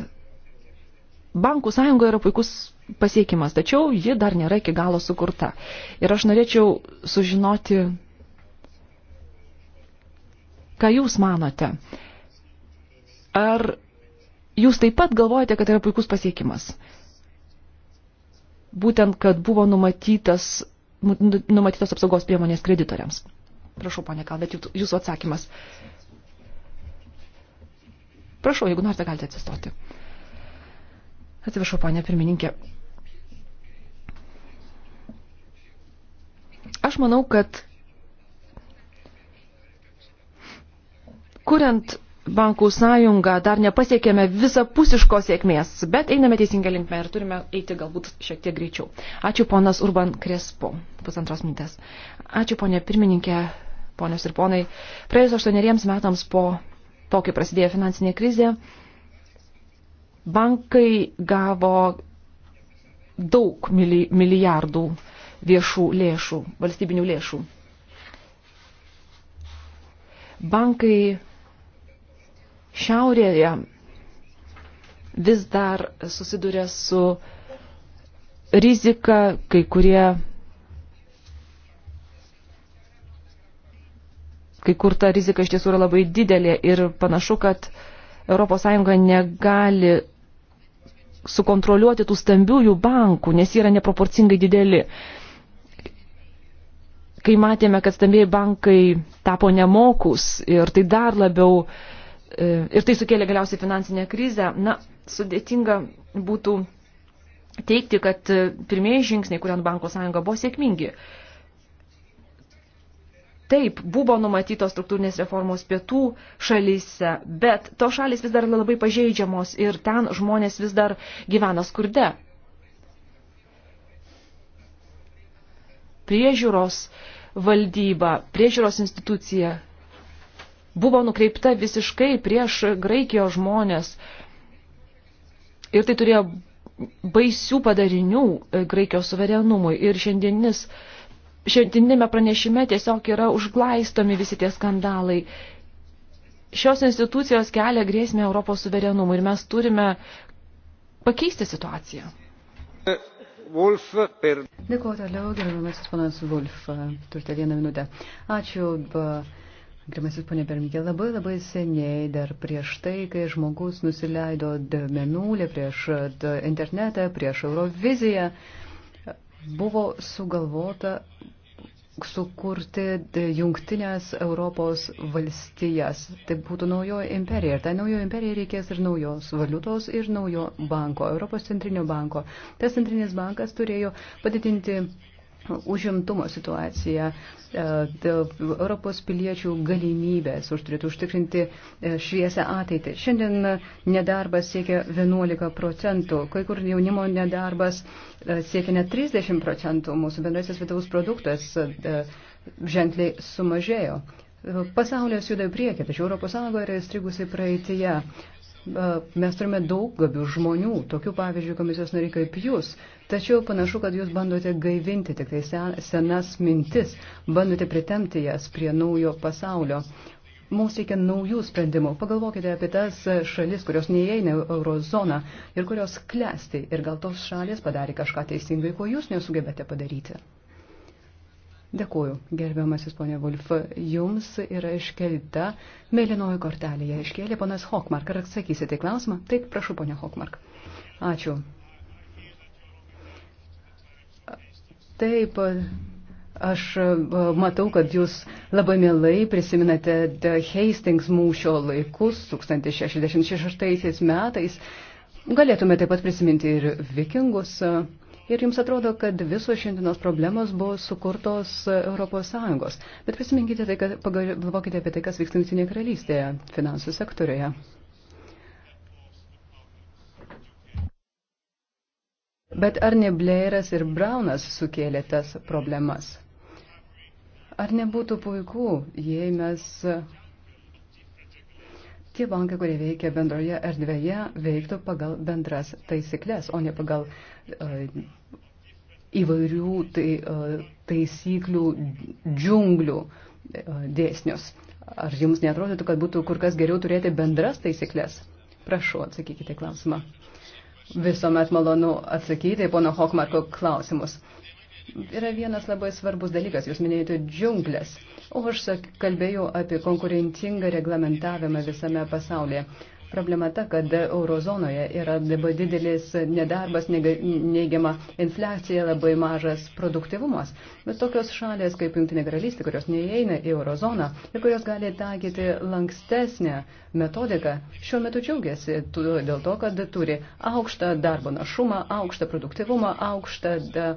bankų sąjunga yra puikus pasiekimas, tačiau ji dar nėra iki galo sukurta. Ir aš norėčiau sužinoti, ką jūs manote. Ar jūs taip pat galvojate, kad yra puikus pasiekimas? Būtent, kad buvo numatytas Nu, numatytos apsaugos priemonės kreditoriams. Prašau, ponė Kalbėt, jūsų atsakymas. Prašau, jeigu norite, galite atsistoti. Atsiprašau, ponė pirmininkė. Aš manau, kad kuriant bankų sąjungą dar nepasiekėme visapusiškos sėkmės, bet einame teisinga linkme ir turime eiti galbūt šiek tiek greičiau. Ačiū ponas Urban Krespo, pusantros minutės. Ačiū ponė pirmininkė, ponios ir ponai. Praėjus aštuoneriems metams po to, kai prasidėjo finansinė krizė, bankai gavo daug milijardų viešų lėšų, valstybinių lėšų. Bankai šiaurėje vis dar susiduria su rizika, kai kurie, kai kur ta rizika iš tiesų yra labai didelė ir panašu, kad ES negali sukontroliuoti tų stambiųjų bankų, nes jie yra neproporcingai dideli. Kai matėme, kad stambiai bankai tapo nemokus ir tai dar labiau uh, E, ir tai sukėlė galiausiai finansinę krizę, na, sudėtinga būtų teikti, kad e, pirmieji žingsniai, kuriant banko sąjungą, buvo sėkmingi. Taip, buvo numatytos struktūrinės reformos pietų šalyse, bet to šalys vis dar labai pažeidžiamos ir ten žmonės vis dar gyvena skurde. Priežiūros valdyba, priežiūros institucija buvo nukreipta visiškai prieš Graikijos žmonės. Ir tai turėjo baisių padarinių e, Graikijos suverenumui. Ir šiandienis, šiandieninėme pranešime tiesiog yra užglaistomi visi tie skandalai. Šios institucijos kelia grėsmę Europos suverenumui ir mes turime pakeisti situaciją. Wolf per... Dėkuoju toliau, gerbiamasis ponas Wolf, turite vieną minutę. Ačiū. Ba... Gerbiamasis ponė Permikė, labai labai seniai, dar prieš tai, kai žmogus nusileido menulį, prieš internetą, prieš Euroviziją, buvo sugalvota sukurti jungtinės Europos valstijas. Tai būtų naujoji imperija. Ir tai naujoji imperija reikės ir naujos valiutos, ir naujo banko, Europos centrinio banko. Tas centrinis bankas turėjo padidinti užimtumo situaciją, e, Europos piliečių galimybės, už turėtų užtikrinti e, šviesę ateitį. Šiandien nedarbas siekia 11 procentų, kai kur jaunimo nedarbas e, siekia net 30 procentų, mūsų bendrasis vidaus produktas ženkliai sumažėjo. Pasaulis juda į priekį, tačiau ES yra įstrigusi praeitėje. Mes turime daug gabių žmonių, tokių pavyzdžių komisijos nariai kaip jūs, tačiau panašu, kad jūs bandote gaivinti tik tai senas mintis, bandote pritemti jas prie naujo pasaulio. Mums reikia naujų sprendimų. Pagalvokite apie tas šalis, kurios neįeina eurozoną ir kurios klesti. Ir gal tos šalis padarė kažką teisingai, ko jūs nesugebėte padaryti. Dėkuoju, gerbiamasis ponė Vulf, jums yra iškelta mėlynoji kortelė. Ją iškėlė ponas Hokmark. Ar atsakysite į klausimą? Taip, prašau, ponė Hokmark. Ačiū. Taip, aš e, matau, kad jūs labai mielai prisiminate Hastings mūšio laikus 1066 metais. Galėtume taip pat prisiminti ir vikingus. Ir jums atrodo, kad visos šiandienos problemos buvo sukurtos ES. Bet prisiminkite tai, kad pagalvokite apie tai, kas vyksta Jungtinėje karalystėje finansų sektoriuje. Bet ar ne Blairas ir Braunas sukėlė tas problemas? Ar nebūtų puiku, jei mes tie bankai, kurie veikia bendroje erdvėje, veiktų pagal bendras taisyklės, o ne pagal uh, įvairių tai, e, taisyklių džiunglių e, dėsnius. Ar jums netrodytų, kad būtų kur kas geriau turėti bendras taisyklės? Prašau, atsakykite klausimą. Visuomet malonu atsakyti pono Hokmarko klausimus. Yra vienas labai svarbus dalykas, jūs minėjote džiunglės, o aš kalbėjau apie konkurencingą reglamentavimą visame pasaulyje. Problema ta, kad eurozonoje yra labai didelis nedarbas, neigiama infliacija, labai mažas produktivumas. Bet tokios šalės kaip Junktinė karalystė, kurios neįeina į eurozoną ir kurios gali taikyti lankstesnę metodiką, šiuo metu džiaugiasi dėl to, kad turi aukštą darbo našumą, aukštą produktivumą, aukštą da,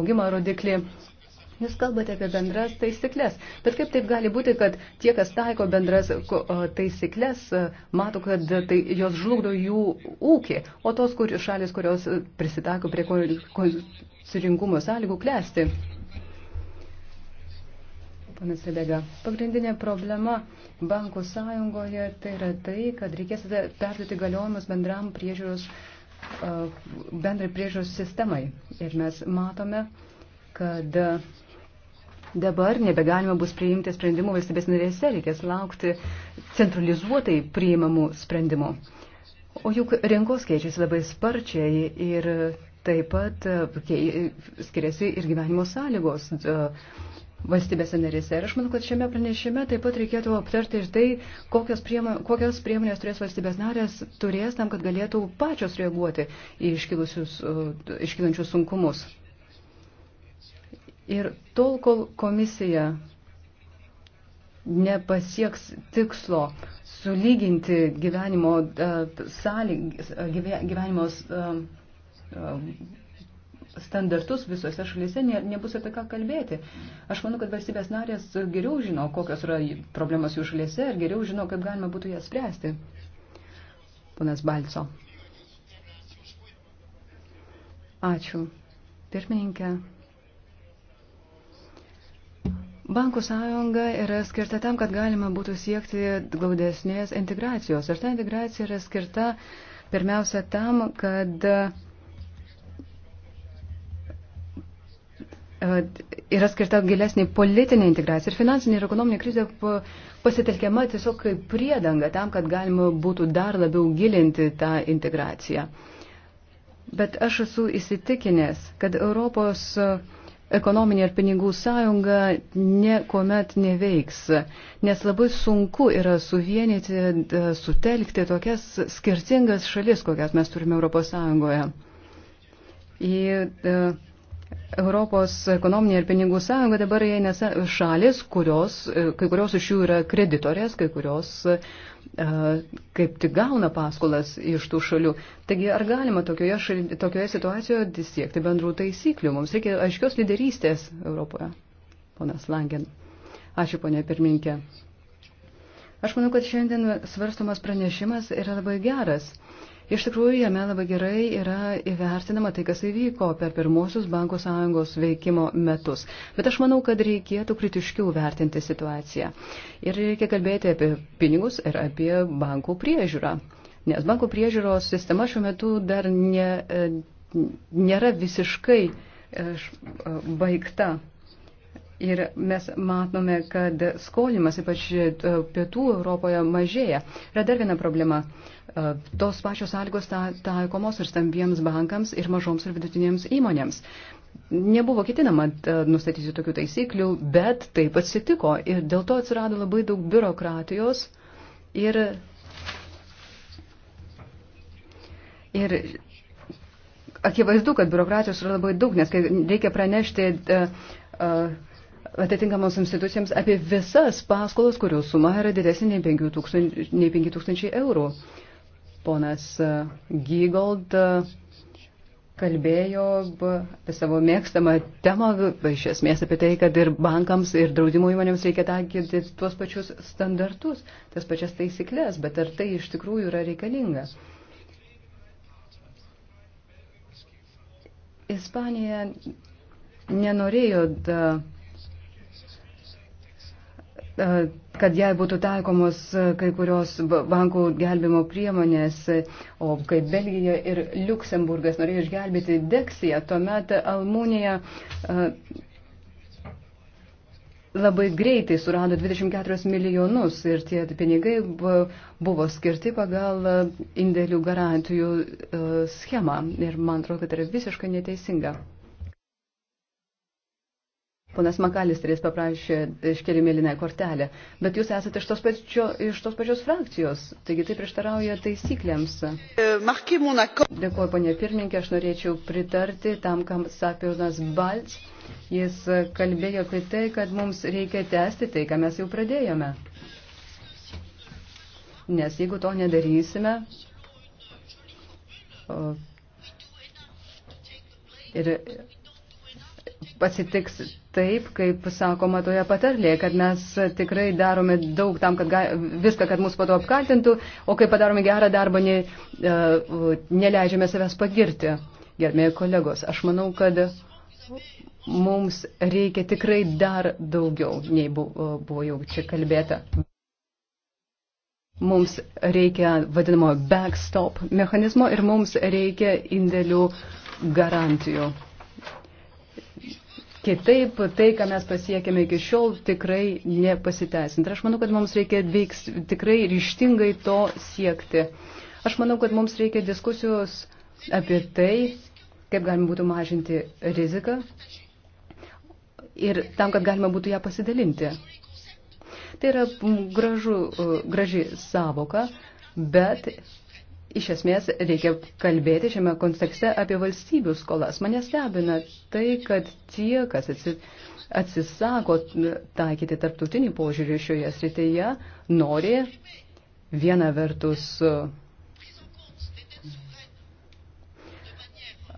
augimą rodiklį Jūs kalbate apie bendras taisyklės, bet kaip taip gali būti, kad tie, kas taiko bendras taisyklės, mato, kad tai, jos žlugdo jų ūkį, o tos kur, šalis, kurios prisitaiko prie konsuringumo sąlygų, klesti. Panas Rebega, pagrindinė problema bankų sąjungoje tai yra tai, kad reikės perduoti galiojimus bendram priežiūros, bendrai priežiūros sistemai. Ir mes matome, kad Dabar nebegalima bus priimti sprendimų valstybės narėse, reikės laukti centralizuotai priimamų sprendimų. O juk rinkos keičiasi labai sparčiai ir taip pat e, skiriasi ir gyvenimo sąlygos e, valstybėse narėse. Ir aš manau, kad šiame pranešime taip pat reikėtų aptarti ir tai, kokios, priemo, kokios priemonės turės valstybės narės turės tam, kad galėtų pačios reaguoti į e, iškilančius sunkumus. Ir tol, kol komisija nepasieks tikslo sulyginti gyvenimo uh, e, sąlyg, e, gyvenimo uh, standartus visose šalyse, ne, nebus apie ką kalbėti. Aš manau, kad valstybės narės geriau žino, kokios yra problemas jų šalyse ir geriau žino, kaip galima būtų jas spręsti. Ponas Balco. Ačiū. Pirmininkė. Bankų sąjunga yra skirta tam, kad galima būtų siekti glaudesnės integracijos. Ir ta integracija yra skirta pirmiausia tam, kad e, yra skirta gilesnė politinė integracija ir finansinė ir ekonominė krizė pasitelkiama tiesiog kaip priedanga tam, kad galima būtų dar labiau gilinti tą integraciją. Bet aš esu įsitikinęs, kad Europos uh, ekonominė ir pinigų sąjunga niekuomet neveiks, nes labai sunku yra suvienyti, sutelkti tokias skirtingas šalis, kokias mes turime Europos Sąjungoje. Į Europos ekonominė ir pinigų sąjunga dabar įeina šalis, kurios, e, kai kurios iš jų yra kreditorės, kai kurios kaip tik gauna paskolas iš tų šalių. Taigi, ar galima tokioje, šali, tokioje situacijoje siekti bendrų taisyklių? Mums reikia aiškios lyderystės Europoje, ponas Langen. Ačiū, ponė pirminkė. Aš manau, kad šiandien svarstomas pranešimas yra labai geras. Iš tikrųjų, jame labai gerai yra įvertinama tai, kas įvyko per pirmosius bankų sąjungos veikimo metus. Bet aš manau, kad reikėtų kritiškiau vertinti situaciją. Ir reikia kalbėti apie pinigus ir apie bankų priežiūrą. Nes bankų priežiūros sistema šiuo metu dar ne, e, nėra visiškai e, e, baigta. Ir mes matome, kad skolimas, ypač pietų Europoje, mažėja. Yra dar viena problema. E, tos pačios sąlygos taikomos ir stambiems bankams, ir mažoms ir vidutinėms įmonėms. Nebuvo ketinama e, nustatyti tokių taisyklių, bet taip atsitiko ir dėl to atsirado labai daug biurokratijos ir, ir akivaizdu, kad biurokratijos yra labai daug, nes kai reikia pranešti e, atitinkamos institucijams apie visas paskolas, kurių suma yra didesnė nei 5000 eurų. Ponas e, Gygold e, kalbėjo apie savo mėgstamą temą, iš esmės apie tai, kad ir bankams, ir draudimo įmonėms reikia taikyti tuos pačius standartus, tas pačias taisyklės, bet ar tai iš tikrųjų yra reikalinga? Ispanija nenorėjo da, kad jai būtų taikomos kai kurios bankų gelbimo priemonės, o kai Belgija ir Luksemburgas norėjo išgelbėti Deksiją, tuomet Almūnija labai greitai surado 24 milijonus ir tie pinigai buvo skirti pagal indėlių garantijų schemą. Ir man atrodo, kad tai yra visiškai neteisinga. Ponas Makalis trys paprašė iškeli mėlyną kortelę, bet jūs esate iš tos, pačio, iš tos pačios frakcijos, taigi tai prieštarauja taisyklėms. E, Dėkuoju, ponė pirmininkė, aš norėčiau pritarti tam, kam sakė Jonas Balts. Jis kalbėjo apie tai, kad mums reikia tęsti tai, ką mes jau pradėjome. Nes jeigu to nedarysime, ir pasitiks taip, kaip sakoma toje patarlėje, kad mes tikrai darome daug tam, kad ga, viską, kad mūsų pato apkaltintų, o kai padarome gerą darbą, ne, uh, neleidžiame savęs pagirti. Gerbėjai kolegos, aš manau, kad mums reikia tikrai dar daugiau, nei buvo, e, buvo jau čia kalbėta. Mums reikia vadinamo backstop mechanizmo ir mums reikia indėlių garantijų. Kitaip tai, ką mes pasiekėme iki šiol, tikrai nepasiteisint. Ir aš manau, kad mums reikia veiks, tikrai ryštingai to siekti. Aš manau, kad mums reikia diskusijos apie tai, kaip galima būtų mažinti riziką ir tam, kad galima būtų ją pasidalinti. Tai yra gražu, graži savoka, bet iš esmės reikia kalbėti šiame kontekste apie valstybių skolas. Mane stebina tai, kad tie, kas atsisako taikyti tarptautinį požiūrį šioje srityje, nori viena vertus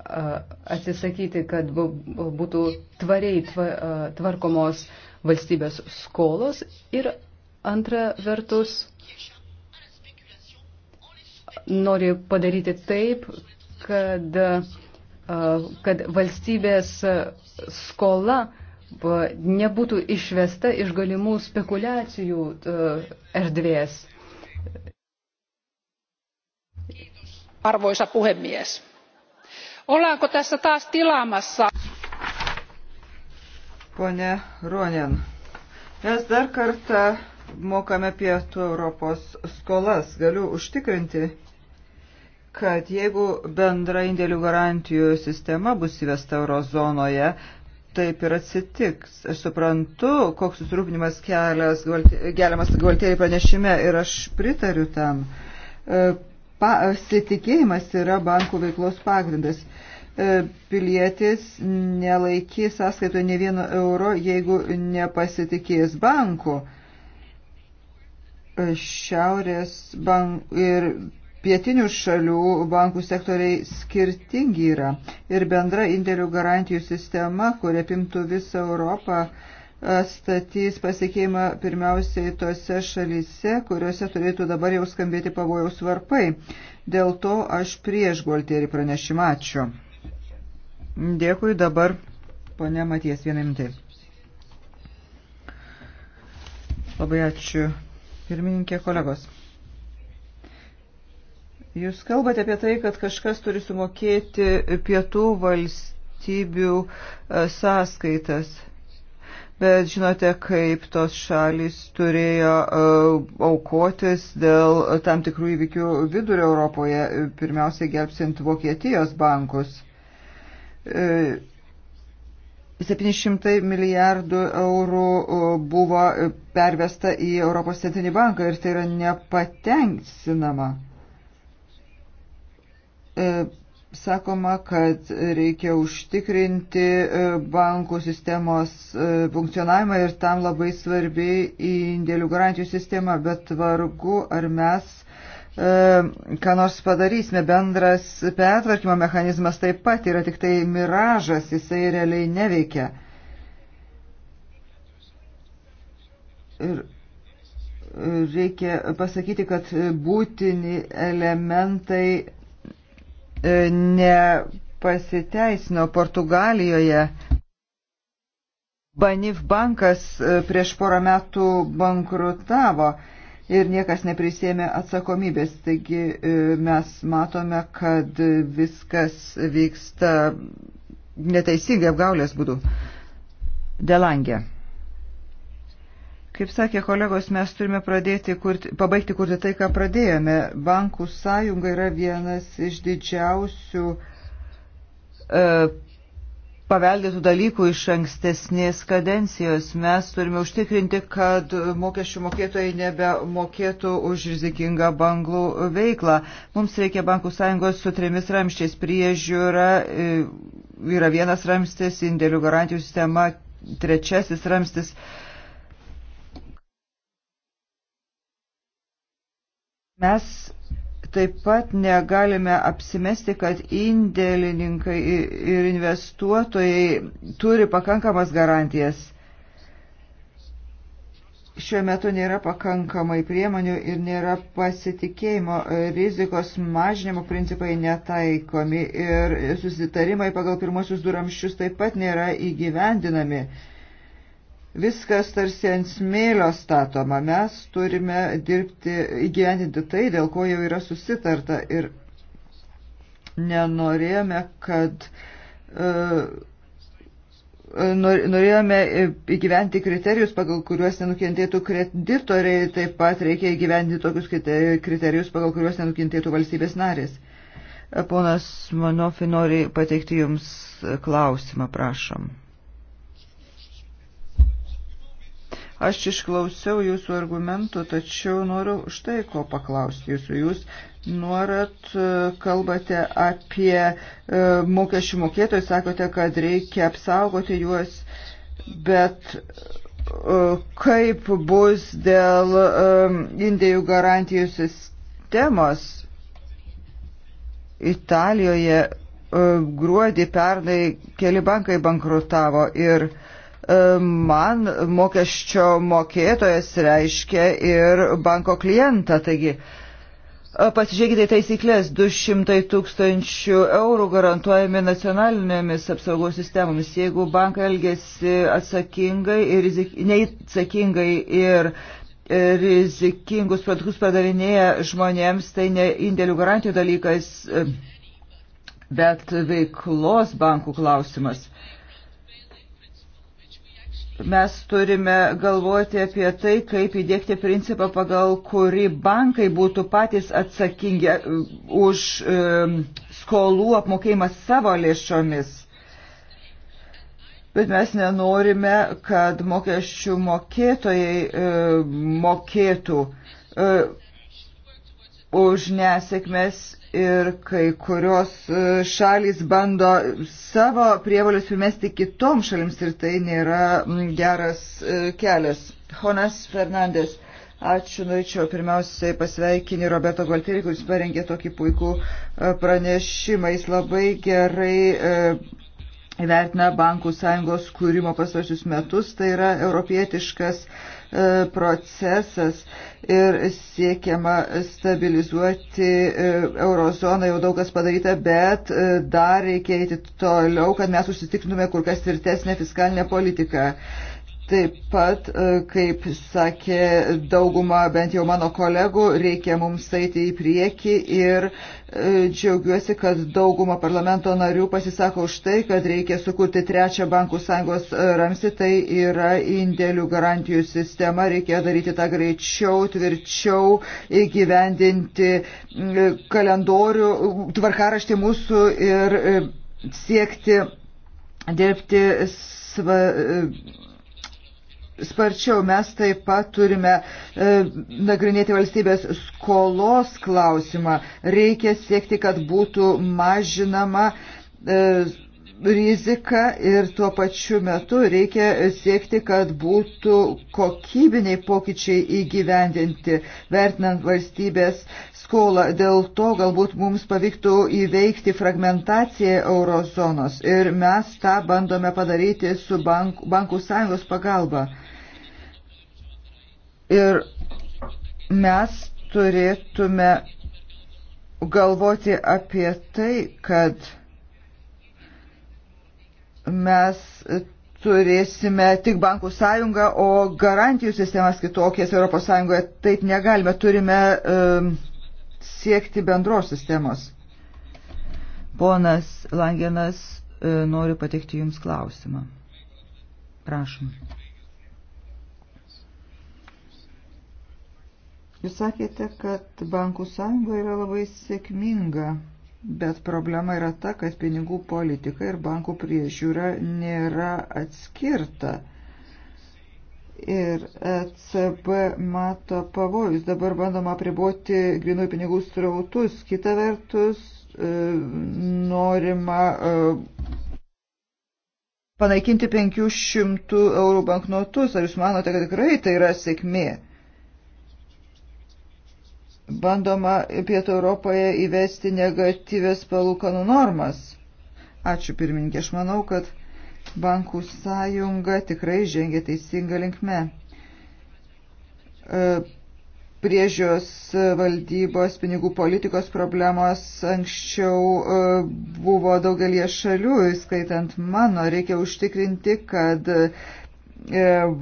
atsisakyti, kad būtų tvariai tvarkomos valstybės skolos ir antra vertus nori padaryti taip, kad, kad valstybės skola nebūtų išvesta iš galimų spekulacijų erdvės. Arvoisa puhemies, ollaanko tässä taas tilaamassa? Pone Ronen, mes dar kartą mokame pietų Europos skolas. Galiu užtikrinti kad jeigu bendra indėlių garantijų sistema bus įvesta eurozonoje, taip ir atsitiks. Aš suprantu, koks susirūpinimas keliamas Gvaltėlį pranešime ir aš pritariu tam. E, pasitikėjimas yra bankų veiklos pagrindas. E, pilietis nelaikys sąskaitoje ne vieno euro, jeigu nepasitikės banku. E, šiaurės bank ir pietinių šalių bankų sektoriai skirtingi yra ir bendra indėlių garantijų sistema, kuria pimtų visą Europą, statys pasiekėjimą pirmiausiai tose šalyse, kuriuose turėtų dabar jau skambėti pavojaus varpai. Dėl to aš prieš Gualtierį pranešimą ačiū. Dėkui dabar, ponė Maties, vienai mintai. Labai ačiū, pirmininkė kolegos. Jūs kalbate apie tai, kad kažkas turi sumokėti pietų valstybių e, sąskaitas. Bet žinote, kaip tos šalys turėjo e, aukotis dėl tam tikrų įvykių vidurio Europoje, pirmiausiai gelbsint Vokietijos bankus. 700 e, milijardų eurų buvo pervesta į Europos centrinį banką ir tai yra nepateisinama. E, sakoma, kad reikia užtikrinti e, bankų sistemos e, funkcionavimą ir tam labai svarbi indėlių garantijų sistema, bet vargu ar mes ką nors padarysime. Bendras pertvarkymo mechanizmas taip pat yra tik tai miražas, jisai realiai neveikia. Ir reikia pasakyti, kad būtini elementai E, nepasiteisino Portugalijoje. Banif bankas e, prieš porą metų bankrutavo ir niekas neprisėmė atsakomybės. Taigi e, mes matome, kad viskas vyksta neteisingai apgaulės būdu. Delangė. Kaip sakė kolegos, mes turime pradėti kurti, pabaigti kurti tai, ką pradėjome. Bankų sąjunga yra vienas iš didžiausių e, paveldėtų dalykų iš ankstesnės kadencijos. Mes turime užtikrinti, kad mokesčių mokėtojai nebemokėtų už rizikingą banglų veiklą. Mums reikia bankų sąjungos su trimis ramščiais priežiūra. E, yra vienas ramstis, indėlių garantijų sistema, trečiasis ramstis. E, Mes taip pat negalime apsimesti, kad indėlininkai ir investuotojai turi pakankamas garantijas. Šiuo metu nėra pakankamai priemonių ir nėra pasitikėjimo rizikos mažinimo principai netaikomi ir susitarimai pagal pirmosius duramščius taip pat nėra įgyvendinami viskas tarsi ant smėlio statoma. Mes turime dirbti, įgyvendinti tai, dėl ko jau yra susitarta ir nenorėjome, kad uh, norėjome įgyventi kriterijus, pagal kuriuos nenukentėtų kreditoriai, taip pat reikia įgyventi tokius kriterijus, pagal kuriuos nenukentėtų valstybės narės. Ponas Manofi nori pateikti Jums klausimą, prašom. Aš išklausiau jūsų argumentų, tačiau noriu štai ko paklausti jūsų. Jūs nuorat e, kalbate apie e, mokesčių mokėtojus, sakote, kad reikia apsaugoti juos, bet e, kaip bus dėl indėjų garantijų sistemos Italijoje gruodį pernai keli bankai bankrutavo ir uh, E, man mokesčio mokėtojas reiškia ir banko klientą. Taigi, e, Pasižiūrėkite į taisyklės, 200 tūkstančių eurų garantuojami nacionalinėmis apsaugos sistemomis. Jeigu bankai elgesi atsakingai ir neatsakingai ir e, rizikingus produktus pardavinėja žmonėms, tai ne indėlių garantijų dalykas, bet veiklos bankų klausimas mes turime galvoti apie tai, kaip įdėkti principą, pagal kurį bankai būtų patys atsakingi e, už e, skolų apmokėjimą savo lėšomis. Bet mes nenorime, kad mokesčių mokėtojai e, mokėtų už nesėkmes ir kai kurios e, šalys bando savo prievalius primesti kitom šalims ir tai nėra geras e, kelias. Jonas Fernandes. Ačiū, norėčiau pirmiausiai pasveikinti Roberto Gualterį, kuris parengė tokį puikų e, pranešimą. Jis labai gerai įvertina bankų sąjungos kūrimo pasvarčius metus. Tai yra europietiškas uh, E, procesas ir siekiama stabilizuoti e, eurozoną, jau daug kas padaryta, bet e, dar reikia eiti toliau, kad mes užsitikrintume kur kas tvirtesnę fiskalinę politiką. Taip pat, e, kaip sakė dauguma, bent jau mano kolegų, reikia mums eiti į priekį ir e, džiaugiuosi, kad dauguma parlamento narių pasisako už tai, kad reikia sukurti trečią bankų sąjungos e, ramsį, tai yra indėlių garantijų sistema, reikia daryti tą greičiau, tvirčiau, įgyvendinti kalendorių, tvarkaraštį mūsų ir siekti dirbti sva sparčiau. Mes taip pat turime e, nagrinėti valstybės skolos klausimą. Reikia siekti, kad būtų mažinama. E, riziką ir tuo pačiu metu reikia siekti, kad būtų kokybiniai pokyčiai įgyvendinti, vertinant valstybės skolą. Dėl to galbūt mums pavyktų įveikti fragmentaciją eurozonos ir mes tą bandome padaryti su bank, bankų sąjungos pagalba. Ir mes turėtume galvoti apie tai, kad mes turėsime tik bankų sąjungą, o garantijų sistemas kitokias ES taip negalime. Turime um, siekti bendros sistemos. Ponas Langenas e, noriu pateikti Jums klausimą. Prašom. Jūs sakėte, kad bankų sąjunga yra labai sėkminga, bet problema yra ta, kad pinigų politika ir bankų priežiūra nėra atskirta. Ir ECB mato pavojus. Dabar bandoma apriboti grinųjų pinigų srautus. Kita vertus, e, norima e, panaikinti 500 eurų banknotus. Ar jūs manote, kad tikrai tai yra sėkmė? bandoma Pietų Europoje įvesti negatyvės palūkanų normas. Ačiū pirmininkė, aš manau, kad bankų sąjunga tikrai žengia teisinga linkme. E, priežios valdybos pinigų politikos problemos anksčiau e, buvo daugelie šalių, įskaitant mano, reikia užtikrinti, kad e,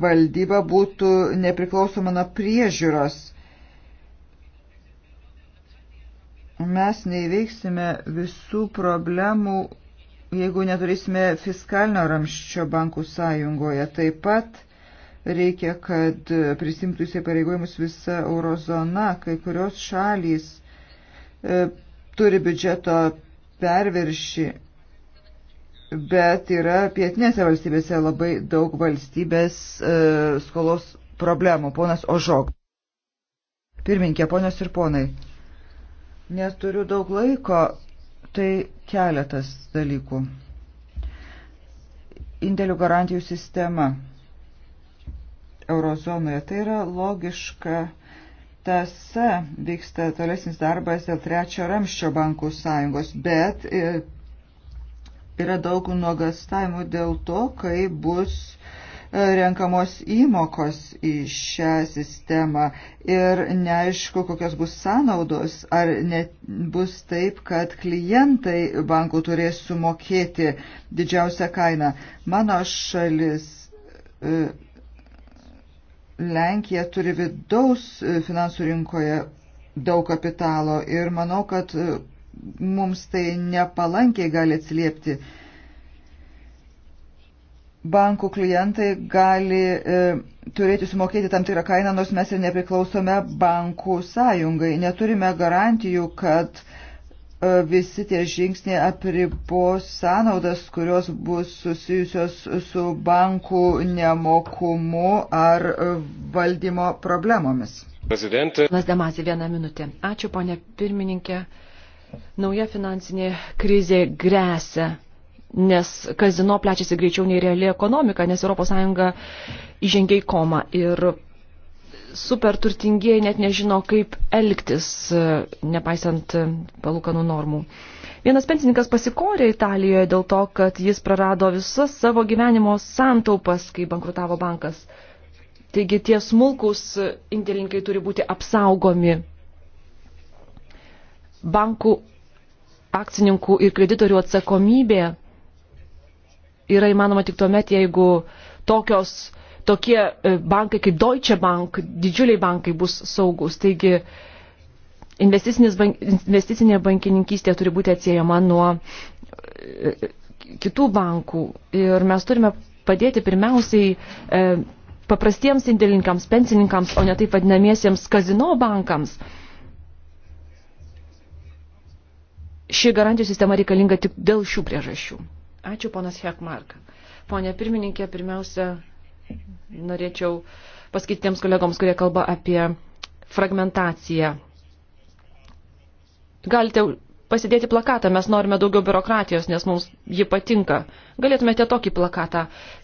valdyba būtų nepriklausoma nuo priežiūros Mes neįveiksime visų problemų, jeigu neturėsime fiskalinio ramščio bankų sąjungoje. Taip pat reikia, kad prisimtų įsipareigojimus visa eurozona, kai kurios šalys e, turi biudžeto perviršį bet yra pietinėse valstybėse labai daug valstybės e, skolos problemų. Ponas Ožog. Pirminkė, ponios ir ponai. Neturiu daug laiko, tai keletas dalykų. Indėlių garantijų sistema eurozonoje tai yra logiška tasa, vyksta tolesnis darbas dėl trečio ramščio bankų sąjungos, bet e, yra daug nuogastavimų dėl to, kai bus uh, renkamos įmokos į šią sistemą ir neaišku, kokios bus sąnaudos, ar net bus taip, kad klientai bankų turės sumokėti didžiausią kainą. Mano šalis e, Lenkija turi vidaus finansų rinkoje daug kapitalo ir manau, kad mums tai nepalankiai gali atsiliepti bankų klientai gali e, turėti sumokėti tam tikrą kainą, nors mes ir nepriklausome bankų sąjungai. Neturime garantijų, kad e, visi tie žingsniai apribos sąnaudas, kurios bus susijusios su bankų nemokumu ar e, valdymo problemomis. Prezidentė. Lasdamasi vieną minutę. Ačiū, ponė pirmininkė. Nauja finansinė krizė grėsia nes kazino plečiasi greičiau nei reali ekonomika, nes ES įžengia į komą ir super turtingieji net nežino, kaip elgtis, nepaisant palūkanų normų. Vienas pensininkas pasikorė Italijoje dėl to, kad jis prarado visas savo gyvenimo santaupas, kai bankrutavo bankas. Taigi tie smulkus indėlinkai turi būti apsaugomi. Bankų akcininkų ir kreditorių atsakomybė yra įmanoma tik tuomet, jeigu tokios, tokie e, bankai kaip Deutsche Bank, didžiuliai bankai bus saugus. Taigi bank, investicinė bankininkystė turi būti atsiejama nuo e, kitų bankų ir mes turime padėti pirmiausiai e, paprastiems indėlininkams, pensininkams, o ne taip vadinamiesiems kazino bankams. Ši garantijų sistema reikalinga tik dėl šių priežasčių. Ačiū, ponas Hekmark. Pone pirmininkė, pirmiausia, norėčiau pasakyti tiems kolegoms, kurie kalba apie fragmentaciją. Galite pasidėti plakatą, mes norime daugiau biurokratijos, nes mums ji patinka. Galėtumėte tokį plakatą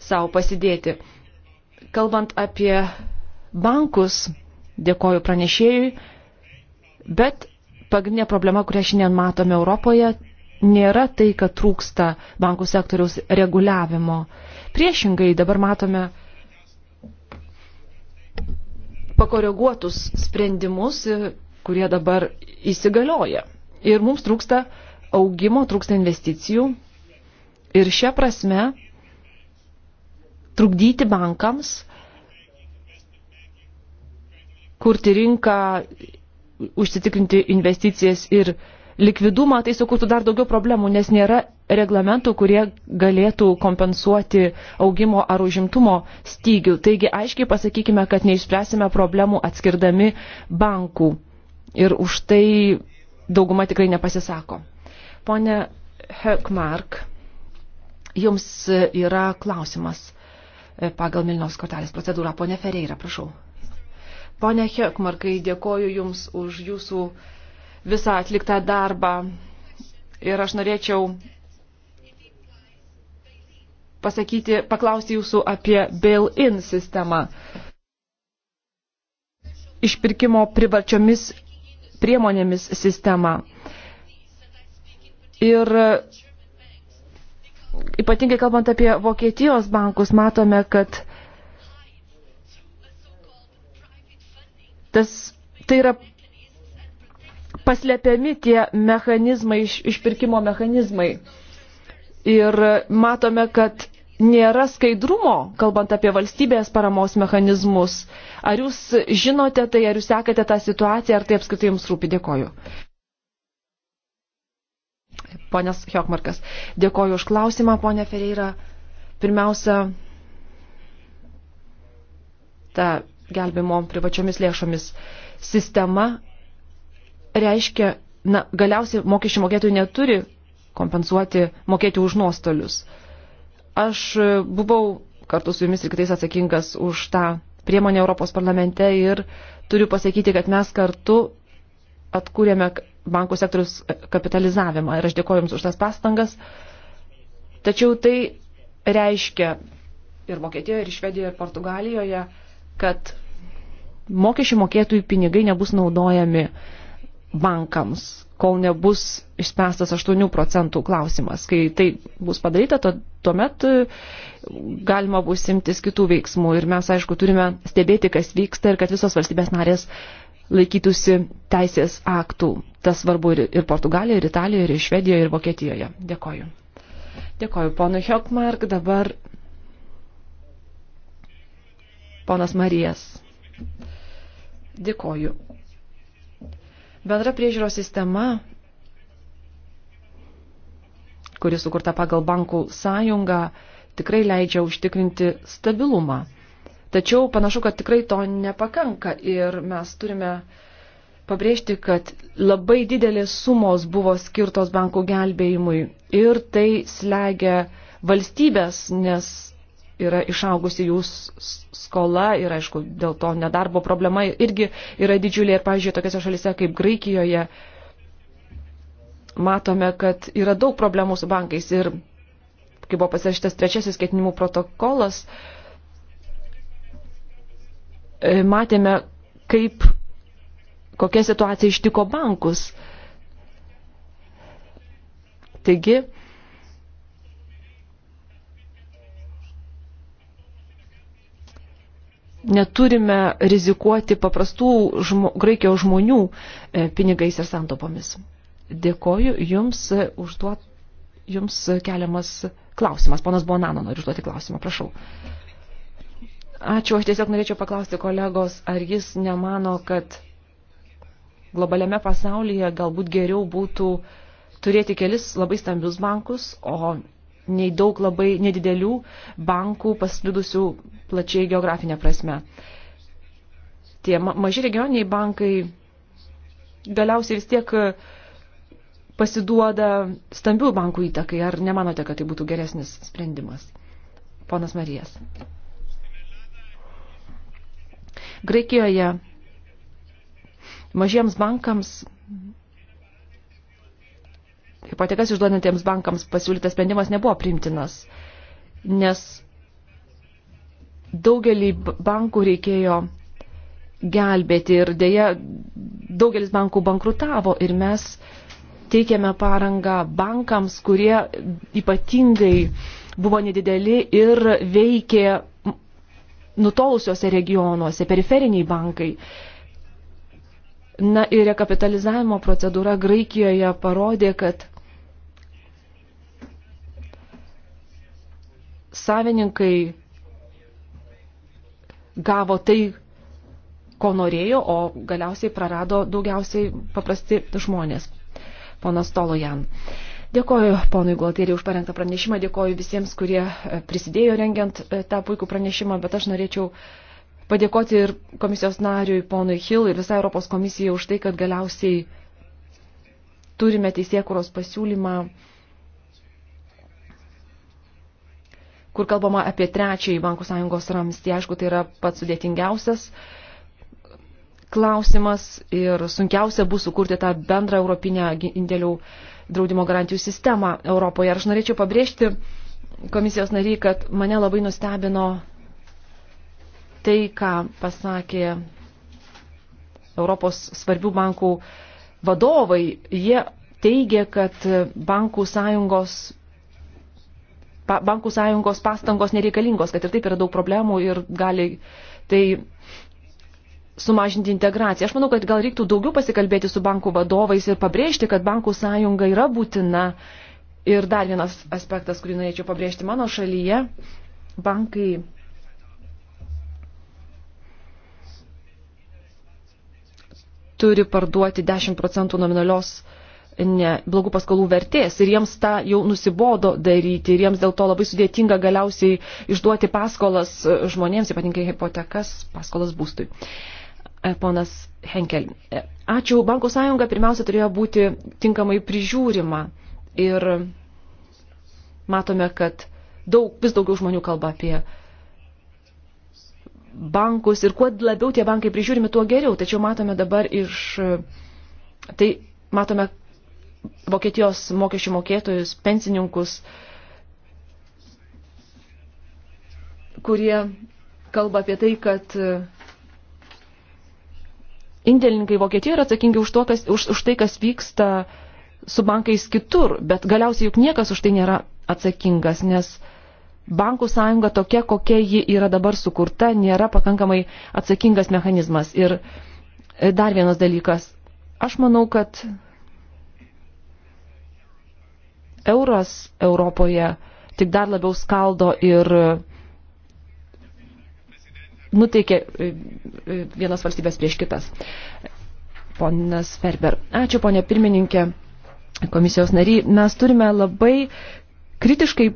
savo pasidėti. Kalbant apie bankus, dėkoju pranešėjui, bet pagrindinė problema, kurią šiandien matome Europoje, nėra tai, kad trūksta bankų sektoriaus reguliavimo. Priešingai dabar matome pakoreguotus sprendimus, kurie dabar įsigalioja. Ir mums trūksta augimo, trūksta investicijų. Ir šią prasme trukdyti bankams kurti rinką, užsitikrinti investicijas ir investicijas likvidumą, tai sukurtų dar daugiau problemų, nes nėra reglamentų, kurie galėtų kompensuoti augimo ar užimtumo stygių. Taigi aiškiai pasakykime, kad neišspręsime problemų atskirdami bankų. Ir už tai dauguma tikrai nepasisako. Pone Hökmark, jums yra klausimas e, pagal Milnos kortelės procedūrą. Pone Ferreira, prašau. Pone Hökmarkai, dėkoju Jums už Jūsų visą atliktą darbą. Ir aš norėčiau pasakyti, paklausti jūsų apie bail-in sistemą. Išpirkimo privarčiomis priemonėmis sistemą. Ir ypatingai kalbant apie Vokietijos bankus, matome, kad tas, tai yra paslepiami tie mechanizmai, iš, išpirkimo mechanizmai. Ir matome, kad nėra skaidrumo, kalbant apie valstybės paramos mechanizmus. Ar jūs žinote tai, ar jūs sekate tą situaciją, ar tai apskritai jums rūpi? Dėkoju. Ponas Hjokmarkas, dėkoju už klausimą, ponė Ferreira. Pirmiausia, ta gelbimo privačiomis lėšomis sistema reiškia, na, galiausiai mokesčių mokėtojų neturi kompensuoti, mokėti už nuostolius. Aš e, buvau kartu su jumis ir kitais atsakingas už tą priemonę Europos parlamente ir turiu pasakyti, kad mes kartu atkūrėme bankų sektorius e, kapitalizavimą ir aš dėkoju jums už tas pastangas. Tačiau tai reiškia ir Vokietijoje, ir Švedijoje, ir Portugalijoje, kad mokesčių mokėtojų pinigai nebus naudojami uh, bankams, kol nebus išspręstas 8 procentų klausimas. Kai tai bus padaryta, to, tuomet e, galima bus imtis kitų veiksmų ir mes, aišku, turime stebėti, kas vyksta ir kad visos valstybės narės laikytųsi teisės aktų. Tas svarbu ir, ir Portugalijoje, ir Italijoje, ir Švedijoje, ir Vokietijoje. Dėkoju. Dėkoju, ponui Hokmark. Dabar ponas Marijas. Dėkoju. Bendra priežiūros sistema, kuri sukurta pagal bankų sąjungą, tikrai leidžia užtikrinti stabilumą. Tačiau panašu, kad tikrai to nepakanka ir mes turime pabrėžti, kad labai didelės sumos buvo skirtos bankų gelbėjimui ir tai slegia valstybės, nes yra išaugusi jų skola ir, aišku, dėl to nedarbo problema irgi yra didžiulė. Ir, pavyzdžiui, tokiose šalise kaip Graikijoje matome, kad yra daug problemų su bankais ir, kai buvo pasirašytas trečiasis ketinimų protokolas, e, matėme, kaip, kokia situacija ištiko bankus. Taigi, neturime rizikuoti paprastų žmo, Graikijos žmonių e, pinigais ir santopomis. Dėkoju Jums e, užduot, Jums keliamas klausimas. Ponas Bonano nori užduoti klausimą, prašau. Ačiū, aš tiesiog norėčiau paklausti kolegos, ar jis nemano, kad globaliame pasaulyje galbūt geriau būtų turėti kelis labai stambius bankus, o nei daug labai nedidelių bankų pasklidusių plačiai geografinė prasme. Tie maži regioniniai bankai galiausiai vis tiek pasiduoda stambių bankų įtakai. Ar nemanote, kad tai būtų geresnis sprendimas? Ponas Marijas. Graikijoje mažiems bankams hipotekas išduodantiems bankams pasiūlytas sprendimas nebuvo primtinas, nes daugelį bankų reikėjo gelbėti ir dėja daugelis bankų bankrutavo ir mes teikiame parangą bankams, kurie ypatingai buvo nedideli ir veikė nutolusiuose regionuose, periferiniai bankai. Na ir rekapitalizavimo procedūra Graikijoje parodė, kad savininkai gavo tai, ko norėjo, o galiausiai prarado daugiausiai paprasti žmonės. Ponas Tolojan. Dėkoju ponui Gualtieriui už parengtą pranešimą, dėkoju visiems, kurie e, prisidėjo rengiant e, tą puikų pranešimą, bet aš norėčiau padėkoti ir komisijos nariui ponui Hill ir visai Europos komisijai už tai, kad galiausiai turime teisėkuros pasiūlymą kur kalbama apie trečiąjį bankų sąjungos ramstį. Aišku, tai yra pats sudėtingiausias klausimas ir sunkiausia bus sukurti tą bendrą europinę indėlių draudimo garantijų sistemą Europoje. Ir aš norėčiau pabrėžti komisijos nariai, kad mane labai nustebino tai, ką pasakė Europos svarbių bankų vadovai. Jie teigia, kad bankų sąjungos pa, bankų sąjungos pastangos nereikalingos, kad ir taip yra daug problemų ir gali tai sumažinti integraciją. Aš manau, kad gal reiktų daugiau pasikalbėti su bankų vadovais ir pabrėžti, kad bankų sąjunga yra būtina. Ir dar vienas aspektas, kurį norėčiau pabrėžti mano šalyje, bankai turi parduoti 10 procentų nominalios ne, blogų paskolų vertės ir jiems tą jau nusibodo daryti ir jiems dėl to labai sudėtinga galiausiai išduoti paskolas žmonėms, ypatingai hipotekas, paskolas būstui. E, ponas Henkel, e, ačiū. Bankų sąjunga pirmiausia turėjo būti tinkamai prižiūrima ir matome, kad daug, vis daugiau žmonių kalba apie bankus ir kuo labiau tie bankai prižiūrimi, tuo geriau. Tačiau matome dabar iš, tai matome, Vokietijos mokesčių mokėtojus, pensininkus, kurie kalba apie tai, kad e, indėlininkai Vokietijoje yra atsakingi už, to, kas, už, už tai, kas vyksta su bankais kitur, bet galiausiai juk niekas už tai nėra atsakingas, nes bankų sąjunga tokia, kokia ji yra dabar sukurta, nėra pakankamai atsakingas mechanizmas. Ir dar vienas dalykas. Aš manau, kad euras Europoje tik dar labiau skaldo ir e, nuteikė e, e, vienas valstybės prieš kitas. Ponas Ferber. Ačiū, ponė pirmininkė, komisijos nary. Mes turime labai kritiškai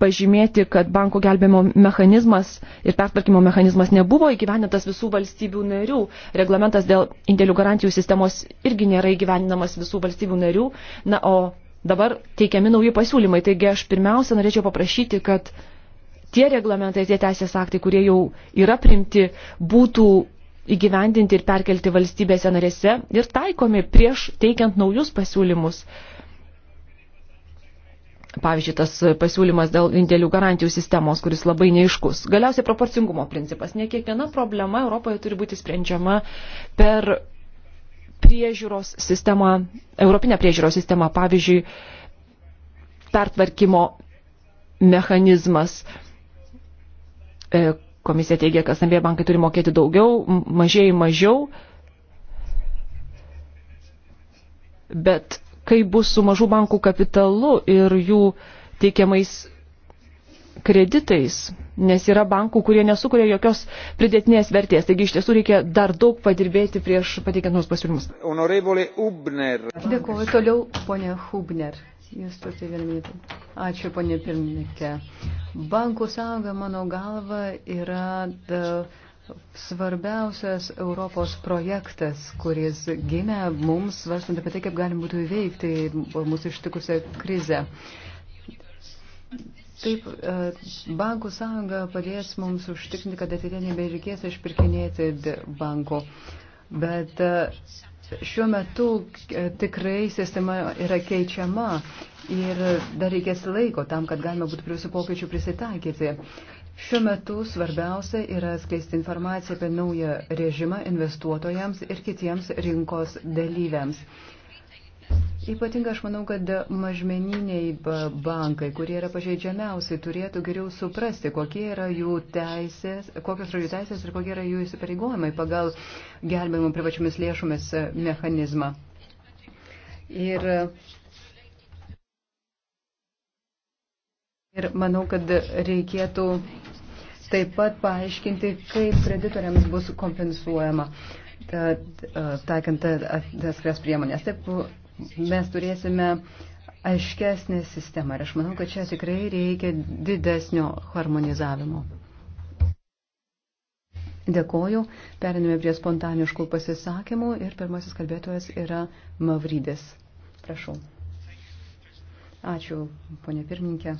pažymėti, kad banko gelbėjimo mechanizmas ir pertvarkymo mechanizmas nebuvo įgyvendintas visų valstybių narių. Reglamentas dėl indėlių garantijų sistemos irgi nėra įgyvendinamas visų valstybių narių. Na, o dabar teikiami nauji pasiūlymai. Taigi aš pirmiausia norėčiau paprašyti, kad tie reglamentai, tie teisės aktai, kurie jau yra primti, būtų įgyvendinti ir perkelti valstybėse narėse ir taikomi prieš teikiant naujus pasiūlymus. Pavyzdžiui, tas pasiūlymas dėl indėlių garantijų sistemos, kuris labai neiškus. Galiausiai proporcingumo principas. Ne kiekviena problema Europoje turi būti sprendžiama per priežiūros sistemą, europinę priežiūros sistemą, pavyzdžiui, pertvarkymo mechanizmas. E, komisija teigia, kad stambėjai bankai turi mokėti daugiau, mažiai mažiau, bet kai bus su mažų bankų kapitalu ir jų teikiamais kreditais, nes yra bankų, kurie nesukuria jokios pridėtinės vertės. Taigi iš tiesų reikia dar daug padirbėti prieš pateikiant nors pasiūlymus. Honorevole Hubner. Dėkuoju toliau, ponė Hubner. Jūs turite vieną minutę. Ačiū, ponė pirmininkė. Bankų sąjunga, mano galva, yra da, svarbiausias Europos projektas, kuris gimė mums, svarstant apie tai, kaip galim būtų įveikti mūsų ištikusią krizę Taip, e, bankų sąjunga padės mums užtikrinti, kad ateitie nebereikės išpirkinėti banko. Bet e, šiuo metu e, tikrai sistema yra keičiama ir dar reikės laiko tam, kad galima būtų prie visų pokyčių prisitaikyti. Šiuo metu svarbiausia yra skleisti informaciją apie naują režimą investuotojams ir kitiems rinkos dalyviams. Ypatinga, aš manau, kad mažmeniniai bankai, kurie yra pažeidžiamiausiai, turėtų geriau suprasti, yra teisės, kokios yra jų teisės ir kokie yra jų įsipareigojimai pagal gelbėjimo privačiomis lėšomis mechanizmą. Ir Ir manau, kad reikėtų taip pat paaiškinti, kaip kreditoriams bus kompensuojama, taikant atskiras priemonės. Taip, mes turėsime aiškesnę sistemą. Ir aš manau, kad čia tikrai reikia didesnio harmonizavimo. Dėkoju. Perinime prie spontaniškų pasisakymų ir pirmasis kalbėtojas yra Mavrydės. Prašau. Ačiū, ponė pirmininkė.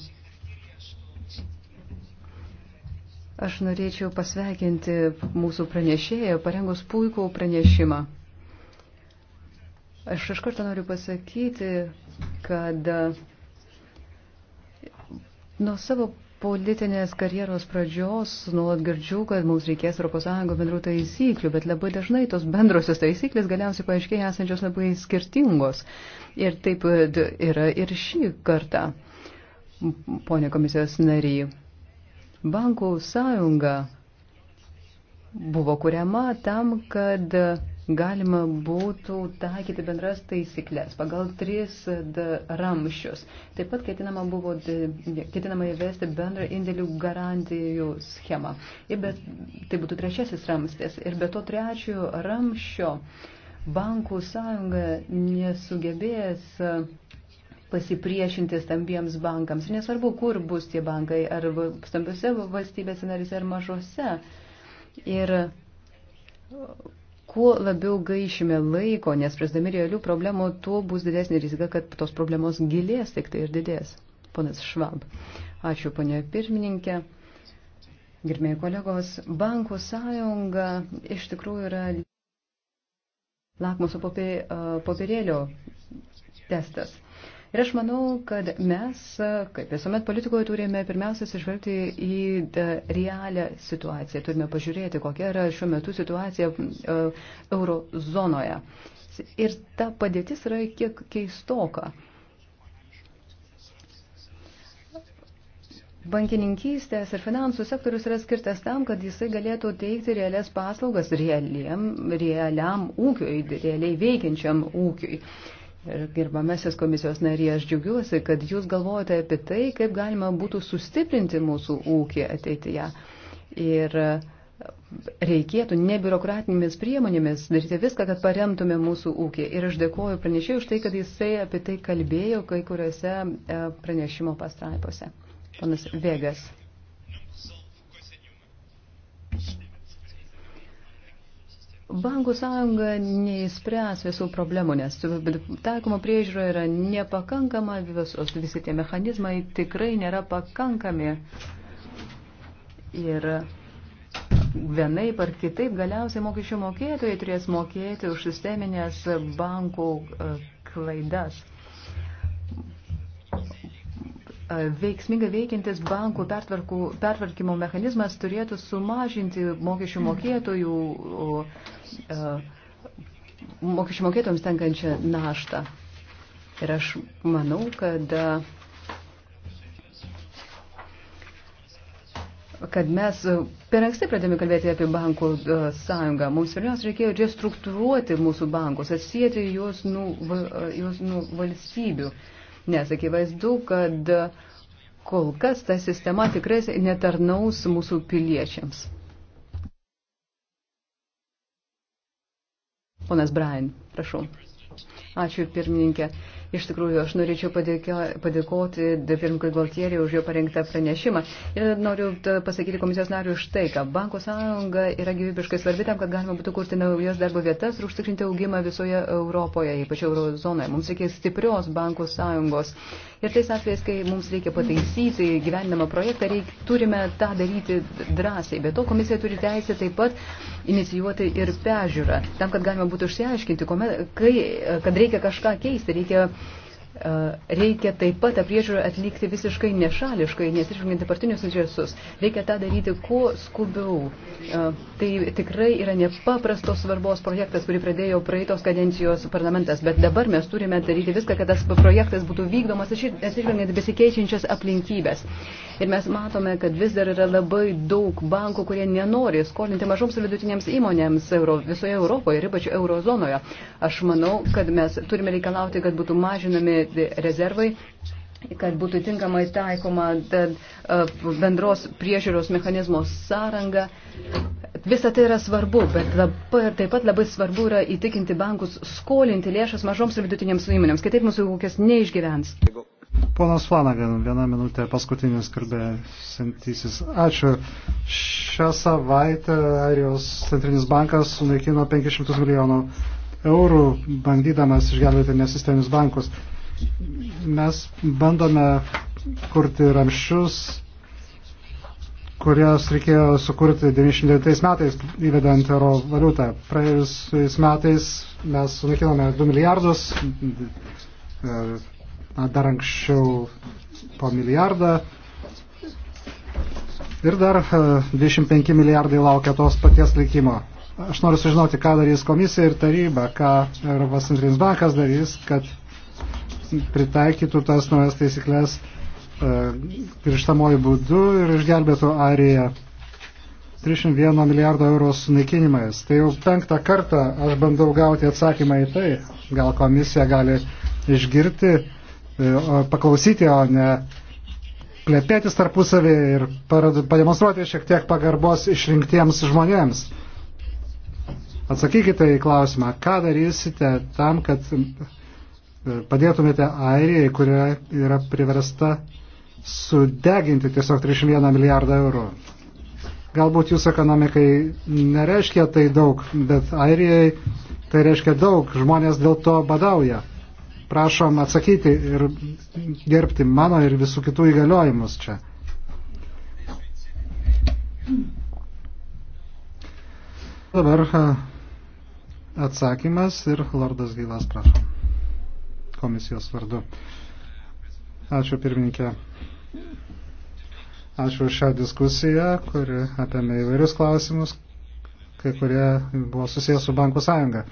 Aš norėčiau pasveikinti mūsų pranešėją, parengus puikų pranešimą. Aš iš karto noriu pasakyti, kad e, nuo savo politinės karjeros pradžios nuolat girdžiu, kad mums reikės ES bendrų taisyklių, bet labai dažnai tos bendrosios taisyklės galiausiai paaiškėja esančios labai skirtingos. Ir taip e, yra ir šį kartą, ponė komisijos nary. Bankų sąjunga buvo kuriama tam, kad galima būtų taikyti bendras taisyklės pagal tris ramščius. Taip pat ketinama, buvo, ketinama įvesti bendrą indėlių garantijų schemą. Ir bet, tai būtų trečiasis ramstis. Ir be to trečiojo ramščio bankų sąjunga nesugebės pasipriešinti stambiems bankams. Nesvarbu, kur bus tie bankai, ar stambiose valstybėse narys, ar mažose. Ir kuo labiau gaišime laiko, nes prasdami realių problemų, tuo bus didesnė rizika, kad tos problemos gilės tik tai ir didės. Ponas Švab. Ačiū, ponė pirmininkė. Gerbėjai kolegos, bankų sąjunga iš tikrųjų yra lakmuso popierėlio testas. Ir aš manau, kad mes, kaip visuomet politikoje, turime pirmiausia sižvelgti į e, realią situaciją. Turime pažiūrėti, kokia yra šiuo metu situacija e, eurozonoje. Ir ta padėtis yra kiek keistoka. Bankininkystės ir finansų sektorius yra skirtas tam, kad jisai galėtų teikti realias paslaugas realiam, realiam ūkiui, realiai veikiančiam ūkiui. Ir gerbamasis komisijos narė, aš džiaugiuosi, kad jūs galvojate apie tai, kaip galima būtų sustiprinti mūsų ūkį ateityje. Ir reikėtų nebiurokratinėmis priemonėmis daryti viską, kad paremtume mūsų ūkį. Ir aš dėkoju pranešėjui už tai, kad jisai apie tai kalbėjo kai kuriuose e, pranešimo pastraipose. Panas Vegas. Bankų sąjunga neįspręs visų problemų, nes taikoma priežiūra yra nepakankama, visos, visi tie mechanizmai tikrai nėra pakankami. Ir vienaip ar kitaip galiausiai mokesčių mokėtojai turės mokėti už sisteminės bankų e, klaidas. E, veiksmingai veikiantis bankų pertvarkymo mechanizmas turėtų sumažinti mokesčių mokėtojų, e, mokesčių mokėtojams tenkančią naštą. Ir aš manau, kad, kad mes per anksti pradėjome kalbėti apie bankų e, sąjungą. Mums pirmiausia reikėjo restruktūruoti mūsų bankus, atsijėti juos nuo nu, valstybių nes akivaizdu, kad kol kas ta sistema tikrai netarnaus mūsų piliečiams. Ponas Brian, prašau. Ačiū pirmininkė. Iš tikrųjų, aš norėčiau padėkio, padėkoti Pirmkui Galtieriui už jo parengtą pranešimą. Ir noriu e, pasakyti komisijos nariu štai, kad Bankų sąjunga yra gyvybiškai svarbi tam, kad galima būtų kurti naujas darbo vietas ir užtikrinti augimą visoje Europoje, ypač eurozonoje. Mums reikia stiprios bankų sąjungos. Ir tais atvejais, kai mums reikia pataisyti gyvenimą projektą, reik, turime tą daryti drąsiai. Be to, komisija turi teisę taip pat inicijuoti ir pežiūrą, tam, kad galima būtų išsiaiškinti, kuomet, kai, kad reikia kažką keisti, reikia reikia taip pat tą priežiūrą atlikti visiškai nešališkai, nes išvengiant partinius interesus. Reikia tą daryti kuo skubiau. Tai tikrai yra nepaprastos svarbos projektas, kurį pradėjo praeitos kadencijos parlamentas, bet dabar mes turime daryti viską, kad tas projektas būtų vykdomas atsižvelgiant besikeičiančias aplinkybės. Ir mes matome, kad vis dar yra labai daug bankų, kurie nenori skolinti mažoms ir vidutinėms įmonėms euro, visoje Europoje ir ypač eurozonoje. Aš manau, kad mes turime reikalauti, kad būtų mažinami rezervai kad būtų tinkamai taikoma bendros priežiūros mechanizmo sąranga. Visa tai yra svarbu, bet labai, taip pat labai svarbu yra įtikinti bankus skolinti lėšas mažoms ir vidutinėms įmonėms, kitaip mūsų ūkės neišgyvens. Ponas Flanagan, vieną minutę paskutinis kalbėsintysis. Ačiū. Šią savaitę Airijos centrinis bankas sunaikino 500 milijonų eurų, bandydamas išgelbėti nesistemius bankus mes bandome kurti ramščius, kurios reikėjo sukurti 99 metais įvedant euro valiutą. Praėjusiais metais mes sunaikinome 2 milijardus, dar anksčiau po milijardą. Ir dar 25 e, milijardai laukia tos paties likimo. Aš noriu sužinoti, ką darys komisija ir taryba, ką Europos centrinis bankas darys, kad pritaikytų tas naujas taisyklės e, grįžtamojų būdų ir išgelbėtų Airiją 301 milijardo eurų sunaikinimais. Tai jau penktą kartą aš bandau gauti atsakymą į tai. Gal komisija gali išgirti, e, paklausyti, o ne klepėtis tarpusavį ir pademonstruoti šiek tiek pagarbos išrinktiems žmonėms. Atsakykite į klausimą, ką darysite tam, kad E, padėtumėte Airijai, kuria yra priversta sudeginti tiesiog 31 milijardą eurų. Galbūt jūsų ekonomikai nereiškia tai daug, bet Airijai tai reiškia daug, žmonės dėl to badauja. Prašom atsakyti ir gerbti mano ir visų kitų įgaliojimus čia. Dabar e, atsakymas ir Lordas Gilas, prašom komisijos vardu. Ačiū pirmininkė. Ačiū šią diskusiją, kuri apėmė įvairius klausimus, kai kurie buvo susijęs su Bankų sąjunga.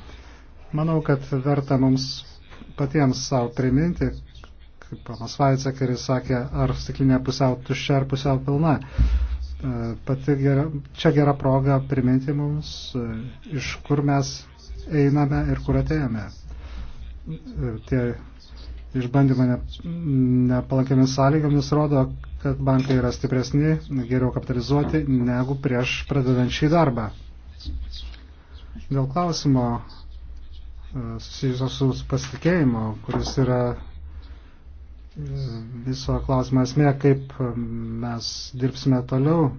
Manau, kad verta mums patiems savo priminti, kaip panas Vaicekeris sakė, ar stiklinė pusiau tuščia ar pusiau pilna. E, pati gera, čia gera proga priminti mums, e, iš kur mes einame ir kur atėjome tie išbandymai nepalankiamis sąlygomis rodo, kad bankai yra stipresni, geriau kapitalizuoti negu prieš pradedant šį darbą. Dėl klausimo e, susijusio su pasitikėjimo, kuris yra e, viso klausimo esmė, kaip e, mes dirbsime toliau.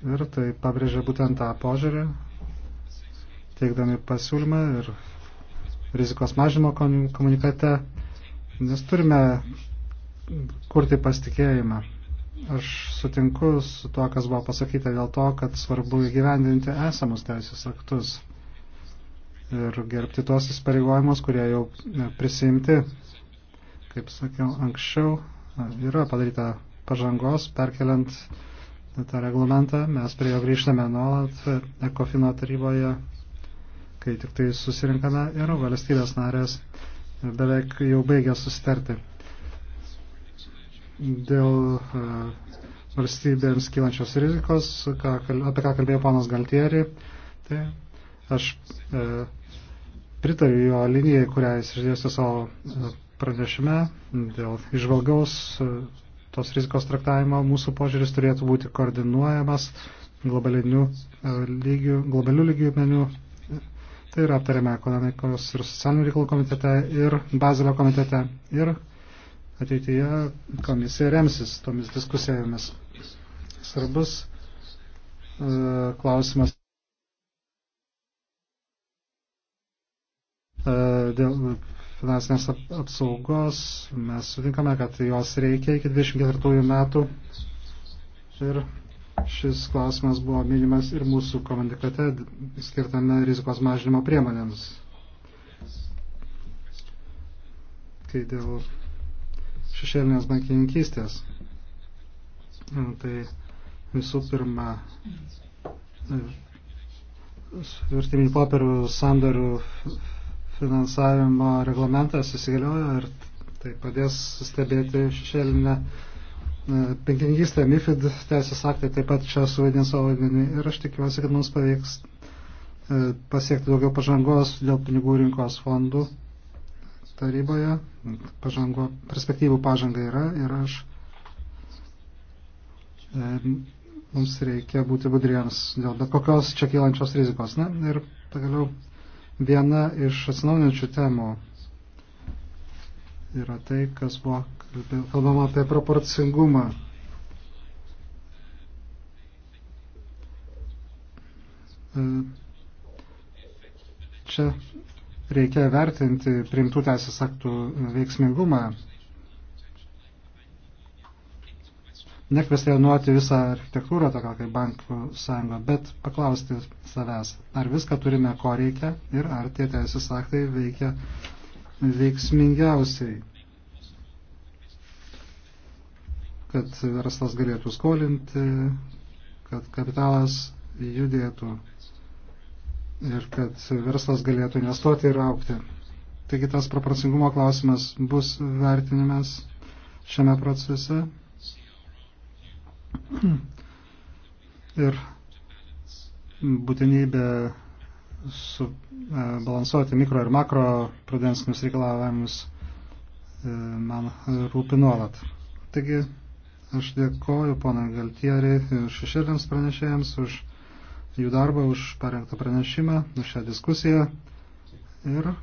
Ir tai pabrėžia būtent tą požiūrį, teikdami pasiūlymą ir rizikos mažimo komunikate, nes turime kurti pasitikėjimą. Aš sutinku su to, kas buvo pasakyta dėl to, kad svarbu įgyvendinti esamus teisės aktus ir gerbti tuos įsipareigojimus, kurie jau e, prisimti, kaip sakiau, anksčiau e, yra padaryta pažangos, perkeliant tą reglamentą, mes prie jo grįžtame nuolat, e, ekofino taryboje kai tik tai susirinkame ir valstybės narės beveik jau baigė susitarti dėl e, valstybėms kylančios rizikos, ką, apie ką kalbėjo panas Galtieri. Tai aš e, pritariu jo linijai, kurią jis išdėstė savo e, pranešime dėl išvalgaus e, tos rizikos traktavimo. Mūsų požiūris turėtų būti koordinuojamas globaliniu lygiu, globalių lygių menių Tai yra aptariama ekonomikos ir socialinių reikalų komitete ir Bazilio komitete. Ir ateityje komisija remsis tomis diskusijomis. Svarbus uh, klausimas uh, dėl finansinės apsaugos. Mes sutinkame, kad jos reikia iki 24 metų. Ir Šis klausimas buvo minimas ir mūsų komunikate skirtame rizikos mažinimo priemonėms. Kai dėl šešėlinės bankininkystės. Tai visų pirma, vertybinių popierių sandarių finansavimo reglamentas įsigaliojo ir tai padės stebėti šešėlinę Pinkininkystė MIFID teisės aktai taip pat čia suvaidins savo vaidmenį ir aš tikiuosi, kad mums pavyks e, pasiekti daugiau pažangos dėl pinigų rinkos fondų taryboje. Pažango, perspektyvų pažanga yra ir aš e, mums reikia būti budriems dėl bet kokios čia kylančios rizikos. Na, ir pagaliau viena iš atsinaujinančių temų yra tai, kas buvo kalbama apie proporcingumą. E, čia reikia vertinti priimtų teisės aktų veiksmingumą, nekvestionuoti visą architektūrą, tokią kaip bankų sąjunga, bet paklausti savęs, ar viską turime, ko reikia ir ar tie teisės aktai veikia veiksmingiausiai, kad verslas galėtų skolinti, kad kapitalas judėtų ir kad verslas galėtų investuoti ir aukti. Taigi tas proporcingumo klausimas bus vertinimas šiame procese. (clears throat) Ir būtinybė subalansuoti e, mikro ir makro prudensinius reikalavimus e, man rūpi nuolat. Taigi aš dėkoju ponai Galtieriai šešėliams pranešėjams už jų darbą, už parengtą pranešimą, už šią diskusiją ir e,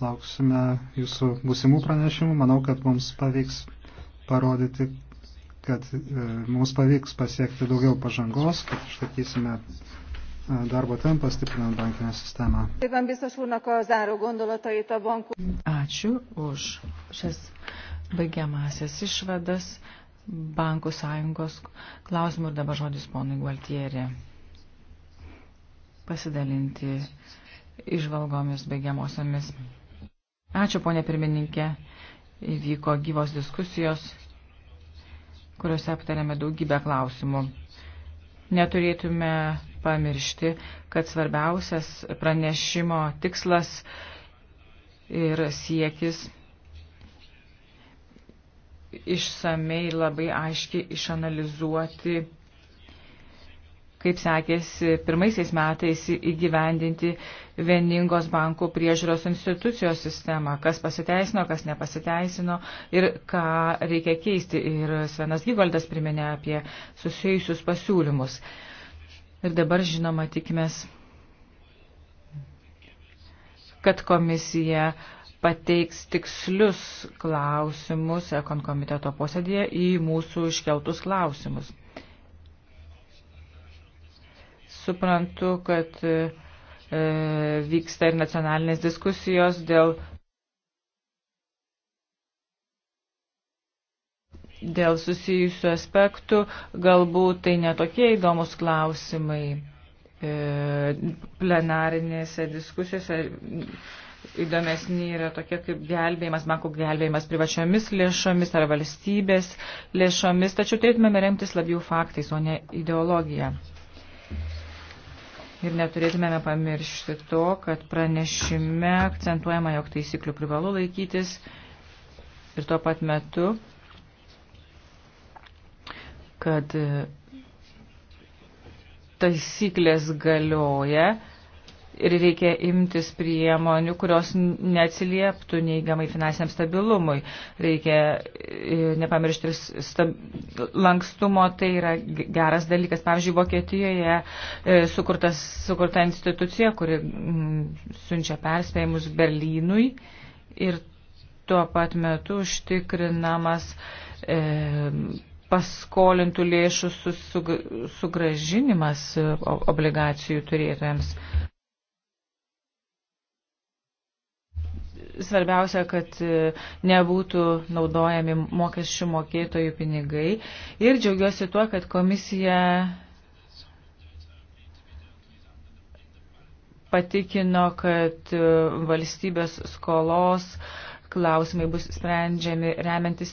lauksime jūsų būsimų pranešimų. Manau, kad mums pavyks parodyti, kad mums pavyks pasiekti daugiau pažangos, kad išlaikysime darbo tempą stiprinant bankinę sistemą. Ačiū už šias baigiamasias išvadas bankų sąjungos klausimų ir dabar žodis ponui Gualtierė pasidalinti išvalgomis baigiamosiamis. Ačiū, ponė pirmininkė. Įvyko gyvos diskusijos, kuriuose aptarėme daugybę klausimų. Neturėtume pamiršti, kad svarbiausias pranešimo tikslas ir siekis išsamei labai aiškiai išanalizuoti, kaip sekėsi pirmaisiais metais įgyvendinti vieningos bankų priežiūros institucijos sistemą, kas pasiteisino, kas nepasiteisino ir ką reikia keisti. Ir Svenas Gygoldas priminė apie susijusius pasiūlymus. Ir dabar, žinoma, tikimės, kad komisija pateiks tikslius klausimus Ekon komiteto posėdėje į mūsų iškeltus klausimus. Suprantu, kad e, vyksta ir nacionalinės diskusijos dėl dėl susijusių aspektų, galbūt tai netokie įdomus klausimai e, plenarinėse diskusijose. Įdomesni yra tokie kaip gelbėjimas, bankų gelbėjimas privačiomis lėšomis ar valstybės lėšomis, tačiau turėtumėme remtis labiau faktais, o ne ideologija. Ir neturėtumėme pamiršti to, kad pranešime akcentuojama, jog taisyklių privalu laikytis ir tuo pat metu kad e, taisyklės galioja ir reikia imtis priemonių, kurios neatsilieptų neįgamai finansiniam stabilumui. Reikia e, nepamiršti stab... lankstumo, tai yra geras dalykas. Pavyzdžiui, Vokietijoje e, sukurtas, sukurta institucija, kuri mm, siunčia perspėjimus Berlynui ir tuo pat metu užtikrinamas e, paskolintų lėšų sugražinimas e, obligacijų turėtojams. Svarbiausia, kad e, nebūtų naudojami mokesčių mokėtojų pinigai. Ir džiaugiuosi tuo, kad komisija patikino, kad e, valstybės skolos klausimai bus sprendžiami remiantis